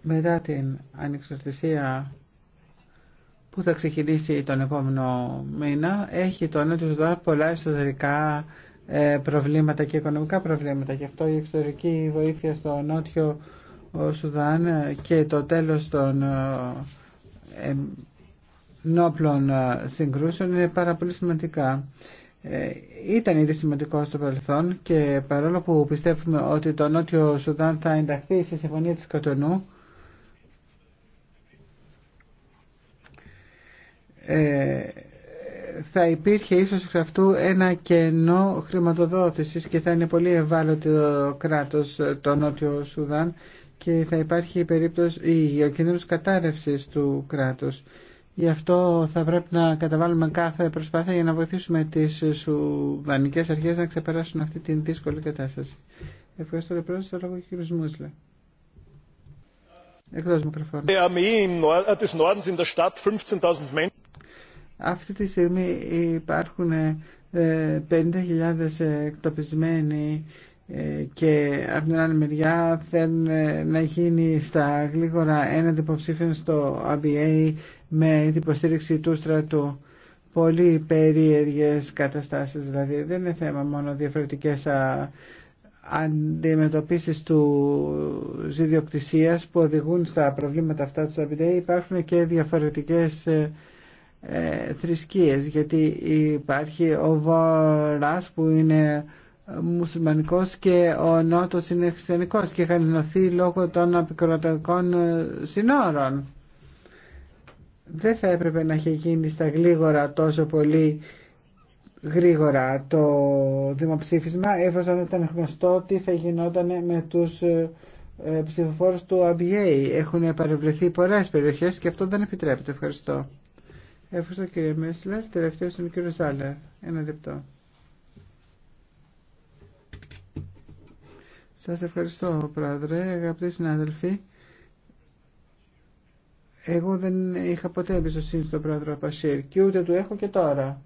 Μετά την ανεξαρτησία που θα ξεκινήσει τον επόμενο μήνα έχει το του Σουδάν πολλά εσωτερικά ε, προβλήματα και οικονομικά προβλήματα. Γι' αυτό η εξωτερική βοήθεια στο νότιο Σουδάν ε, και το τέλος των ε, νόπλων συγκρούσεων είναι πάρα πολύ σημαντικά. Ήταν ήδη σημαντικό στο παρελθόν και παρόλο που πιστεύουμε ότι το νότιο Σουδάν θα ενταχθεί στη συμφωνία της Κοτονού Ε, θα υπήρχε ίσως εξ αυτού ένα κενό χρηματοδότησης και θα είναι πολύ ευάλωτο κράτος ε, το Νότιο Σουδάν και θα υπάρχει η περίπτωση, ή ο κίνδυνος κατάρρευσης του κράτους. Γι' αυτό θα πρέπει να καταβάλουμε κάθε προσπάθεια για να βοηθήσουμε τις Σουδανικές αρχές να ξεπεράσουν αυτή την δύσκολη κατάσταση. Ευχαριστώ το στο λόγο κ. Μούσλε. Εκτός αυτή τη στιγμή υπάρχουν 50.000 ε, εκτοπισμένοι ε, και από την άλλη μεριά θέλουν ε, να γίνει στα γλίγορα ένα υποψήφιο στο ABA με την υποστήριξη του στρατού. Πολύ περίεργες καταστάσεις δηλαδή. Δεν είναι θέμα μόνο διαφορετικές αντιμετωπίσεις του ιδιοκτησίας που οδηγούν στα προβλήματα αυτά του ABA. Υπάρχουν και διαφορετικές ε, θρησκείες γιατί υπάρχει ο Βορράς που είναι μουσουλμανικός και ο Νότος είναι χριστιανικός και είχαν ενωθεί λόγω των απεικονατικών ε, συνόρων. Δεν θα έπρεπε να είχε γίνει στα γλίγορα τόσο πολύ γρήγορα το δημοψήφισμα εφόσον ήταν γνωστό τι θα γινόταν με τους ε, ψηφοφόρους του ΑΜΠΙΕΙ. Έχουν παρευρεθεί πολλές περιοχές και αυτό δεν επιτρέπεται. Ευχαριστώ. Ευχαριστώ κύριε Μέσλερ. Τελευταίο είναι ο κύριο Ζάλερ. Ένα λεπτό. Σα ευχαριστώ, Πρόεδρε, αγαπητοί συνάδελφοι. Εγώ δεν είχα ποτέ εμπιστοσύνη στον πρόεδρο Πασίρ και ούτε του έχω και τώρα.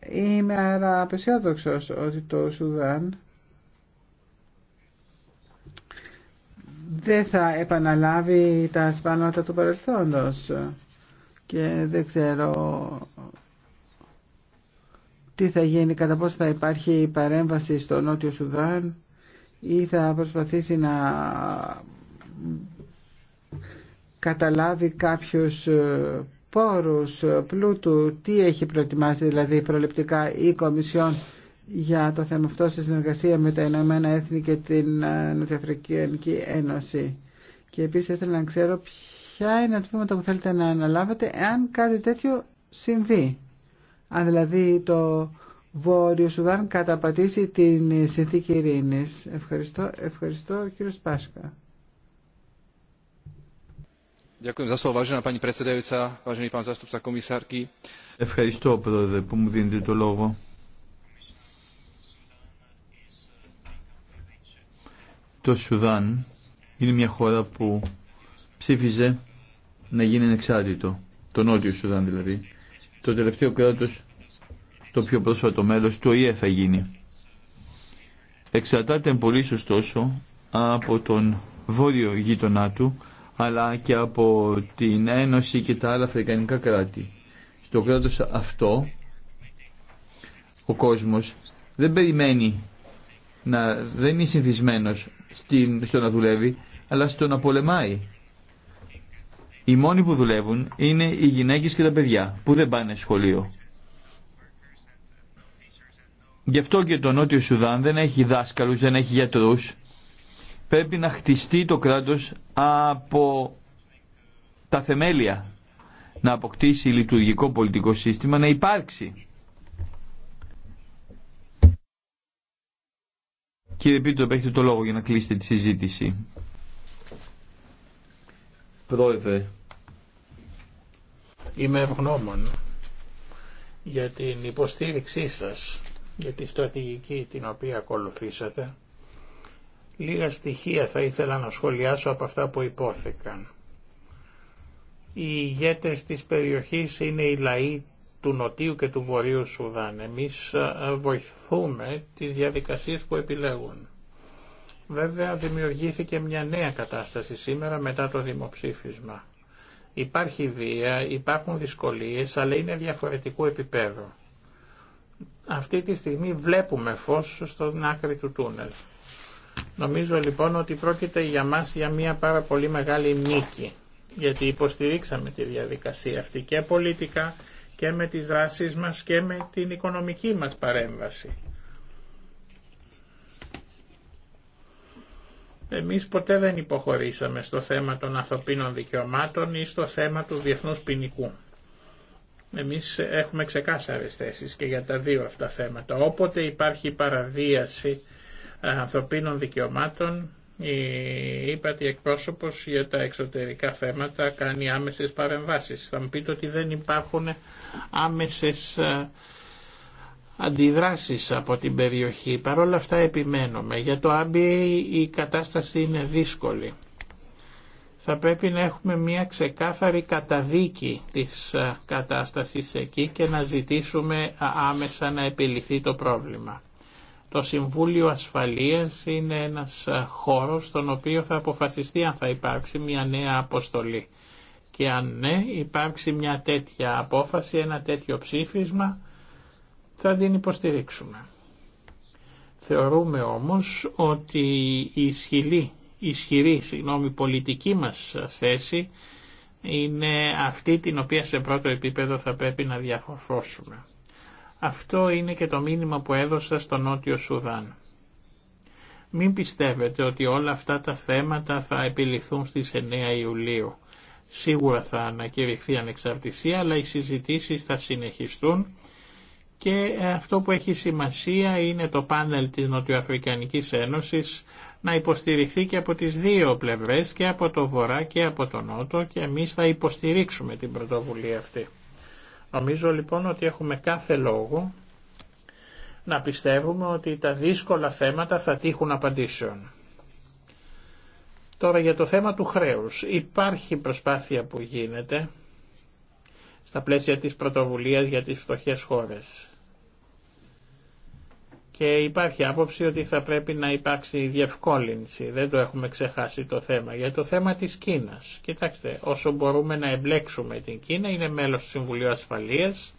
Είμαι απεσιόδοξος ότι το Σουδάν δεν θα επαναλάβει τα σπάνωτα του παρελθόντος και δεν ξέρω τι θα γίνει, κατά πώς θα υπάρχει παρέμβαση στο Νότιο Σουδάν ή θα προσπαθήσει να καταλάβει κάποιους πόρους πλούτου, τι έχει προετοιμάσει δηλαδή προληπτικά η Κομισιόν για το θέμα αυτό σε συνεργασία με τα Ηνωμένα Έθνη και την ε, Νοτιοαφρικανική Ένωση. Και επίσης ήθελα να ξέρω ποια είναι τα τμήματα που θέλετε να αναλάβετε εάν κάτι τέτοιο συμβεί. Αν δηλαδή το Βόρειο Σουδάν καταπατήσει την συνθήκη ειρήνης. Ευχαριστώ, ευχαριστώ κύριο Σπάσκα. Ευχαριστώ, Πρόεδρε, που μου δίνετε το λόγο. το Σουδάν είναι μια χώρα που ψήφιζε να γίνει ανεξάρτητο, το Νότιο Σουδάν δηλαδή. Το τελευταίο κράτος, το πιο πρόσφατο μέλος το ΙΕ θα γίνει. Εξαρτάται πολύ σωστόσο από τον βόρειο γείτονά του, αλλά και από την Ένωση και τα άλλα αφρικανικά κράτη. Στο κράτος αυτό ο κόσμος δεν περιμένει να δεν είναι συνηθισμένο στο να δουλεύει, αλλά στο να πολεμάει. Οι μόνοι που δουλεύουν είναι οι γυναίκες και τα παιδιά που δεν πάνε σχολείο. Γι' αυτό και το Νότιο Σουδάν δεν έχει δάσκαλους, δεν έχει γιατρούς. Πρέπει να χτιστεί το κράτος από τα θεμέλια, να αποκτήσει λειτουργικό πολιτικό σύστημα, να υπάρξει Κύριε Πίτρο, έχετε το λόγο για να κλείσετε τη συζήτηση. Πρόεδρε. Είμαι ευγνώμων για την υποστήριξή σας, για τη στρατηγική την οποία ακολουθήσατε. Λίγα στοιχεία θα ήθελα να σχολιάσω από αυτά που υπόθηκαν. Οι ηγέτες της περιοχής είναι οι λαοί του Νοτίου και του Βορείου Σουδάν. Εμείς ε, ε, βοηθούμε τις διαδικασίες που επιλέγουν. Βέβαια δημιουργήθηκε μια νέα κατάσταση σήμερα μετά το δημοψήφισμα. Υπάρχει βία, υπάρχουν δυσκολίες, αλλά είναι διαφορετικού επίπεδου. Αυτή τη στιγμή βλέπουμε φως στον άκρη του τούνελ. Νομίζω λοιπόν ότι πρόκειται για μας για μια πάρα πολύ μεγάλη νίκη, γιατί υποστηρίξαμε τη διαδικασία αυτή και πολιτικά και με τις δράσεις μας και με την οικονομική μας παρέμβαση. Εμείς ποτέ δεν υποχωρήσαμε στο θέμα των ανθρωπίνων δικαιωμάτων ή στο θέμα του διεθνούς ποινικού. Εμείς έχουμε ξεκάσαρες θέσεις και για τα δύο αυτά θέματα. Όποτε υπάρχει παραβίαση ε, ανθρωπίνων δικαιωμάτων η ύπατη εκπρόσωπος για τα εξωτερικά θέματα κάνει άμεσες παρεμβάσεις. Θα μου πείτε ότι δεν υπάρχουν άμεσες ε, αντιδράσεις από την περιοχή. Παρ' όλα αυτά επιμένουμε. Για το ΆΜΠΙ η κατάσταση είναι δύσκολη. Θα πρέπει να έχουμε μια ξεκάθαρη καταδίκη της ε, κατάστασης εκεί και να ζητήσουμε ε, άμεσα να επιληθεί το πρόβλημα. Το Συμβούλιο Ασφαλείας είναι ένας χώρος στον οποίο θα αποφασιστεί αν θα υπάρξει μια νέα αποστολή. Και αν ναι υπάρξει μια τέτοια απόφαση, ένα τέτοιο ψήφισμα, θα την υποστηρίξουμε. Θεωρούμε όμως ότι η ισχυρή, ισχυρή συγγνώμη, πολιτική μας θέση είναι αυτή την οποία σε πρώτο επίπεδο θα πρέπει να διαφορφώσουμε. Αυτό είναι και το μήνυμα που έδωσα στο Νότιο Σουδάν. Μην πιστεύετε ότι όλα αυτά τα θέματα θα επιληθούν στις 9 Ιουλίου. Σίγουρα θα ανακηρυχθεί ανεξαρτησία, αλλά οι συζητήσεις θα συνεχιστούν και αυτό που έχει σημασία είναι το πάνελ της Νοτιοαφρικανικής Ένωσης να υποστηριχθεί και από τις δύο πλευρές, και από το Βορρά και από το Νότο και εμείς θα υποστηρίξουμε την πρωτοβουλία αυτή. Νομίζω λοιπόν ότι έχουμε κάθε λόγο να πιστεύουμε ότι τα δύσκολα θέματα θα τύχουν απαντήσεων. Τώρα για το θέμα του χρέους. Υπάρχει προσπάθεια που γίνεται στα πλαίσια της πρωτοβουλίας για τις φτωχές χώρες και υπάρχει άποψη ότι θα πρέπει να υπάρξει διευκόλυνση. Δεν το έχουμε ξεχάσει το θέμα. Για το θέμα της Κίνας. Κοιτάξτε, όσο μπορούμε να εμπλέξουμε την Κίνα, είναι μέλος του Συμβουλίου Ασφαλείας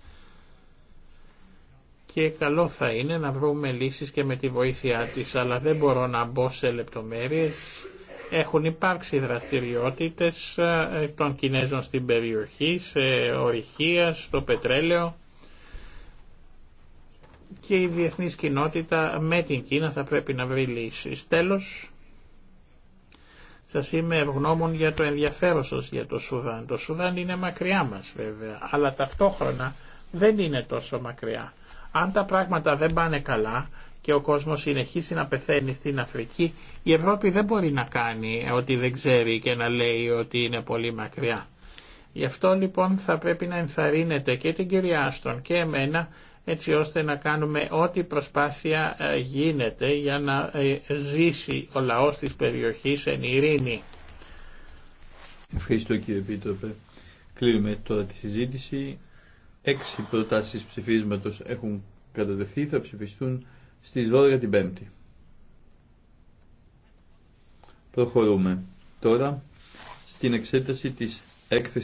και καλό θα είναι να βρούμε λύσεις και με τη βοήθειά της, αλλά δεν μπορώ να μπω σε λεπτομέρειες. Έχουν υπάρξει δραστηριότητες ε, των Κινέζων στην περιοχή, σε ορυχία, στο πετρέλαιο και η διεθνής κοινότητα με την Κίνα θα πρέπει να βρει λύσεις. Τέλος, σας είμαι ευγνώμων για το ενδιαφέρον σας για το Σουδάν. Το Σουδάν είναι μακριά μας βέβαια, αλλά ταυτόχρονα δεν είναι τόσο μακριά. Αν τα πράγματα δεν πάνε καλά και ο κόσμος συνεχίσει να πεθαίνει στην Αφρική, η Ευρώπη δεν μπορεί να κάνει ότι δεν ξέρει και να λέει ότι είναι πολύ μακριά. Γι' αυτό λοιπόν θα πρέπει να ενθαρρύνετε και την κυρία Άστον και εμένα έτσι ώστε να κάνουμε ό,τι προσπάθεια ε, γίνεται για να ε, ζήσει ο λαός της περιοχής εν ειρήνη. Ευχαριστώ κύριε Επίτροπε. Κλείνουμε τώρα τη συζήτηση. Έξι προτάσεις ψηφίσματος έχουν κατατεθεί, θα ψηφιστούν στις 12 την Πέμπτη. Προχωρούμε τώρα στην εξέταση της έκθεσης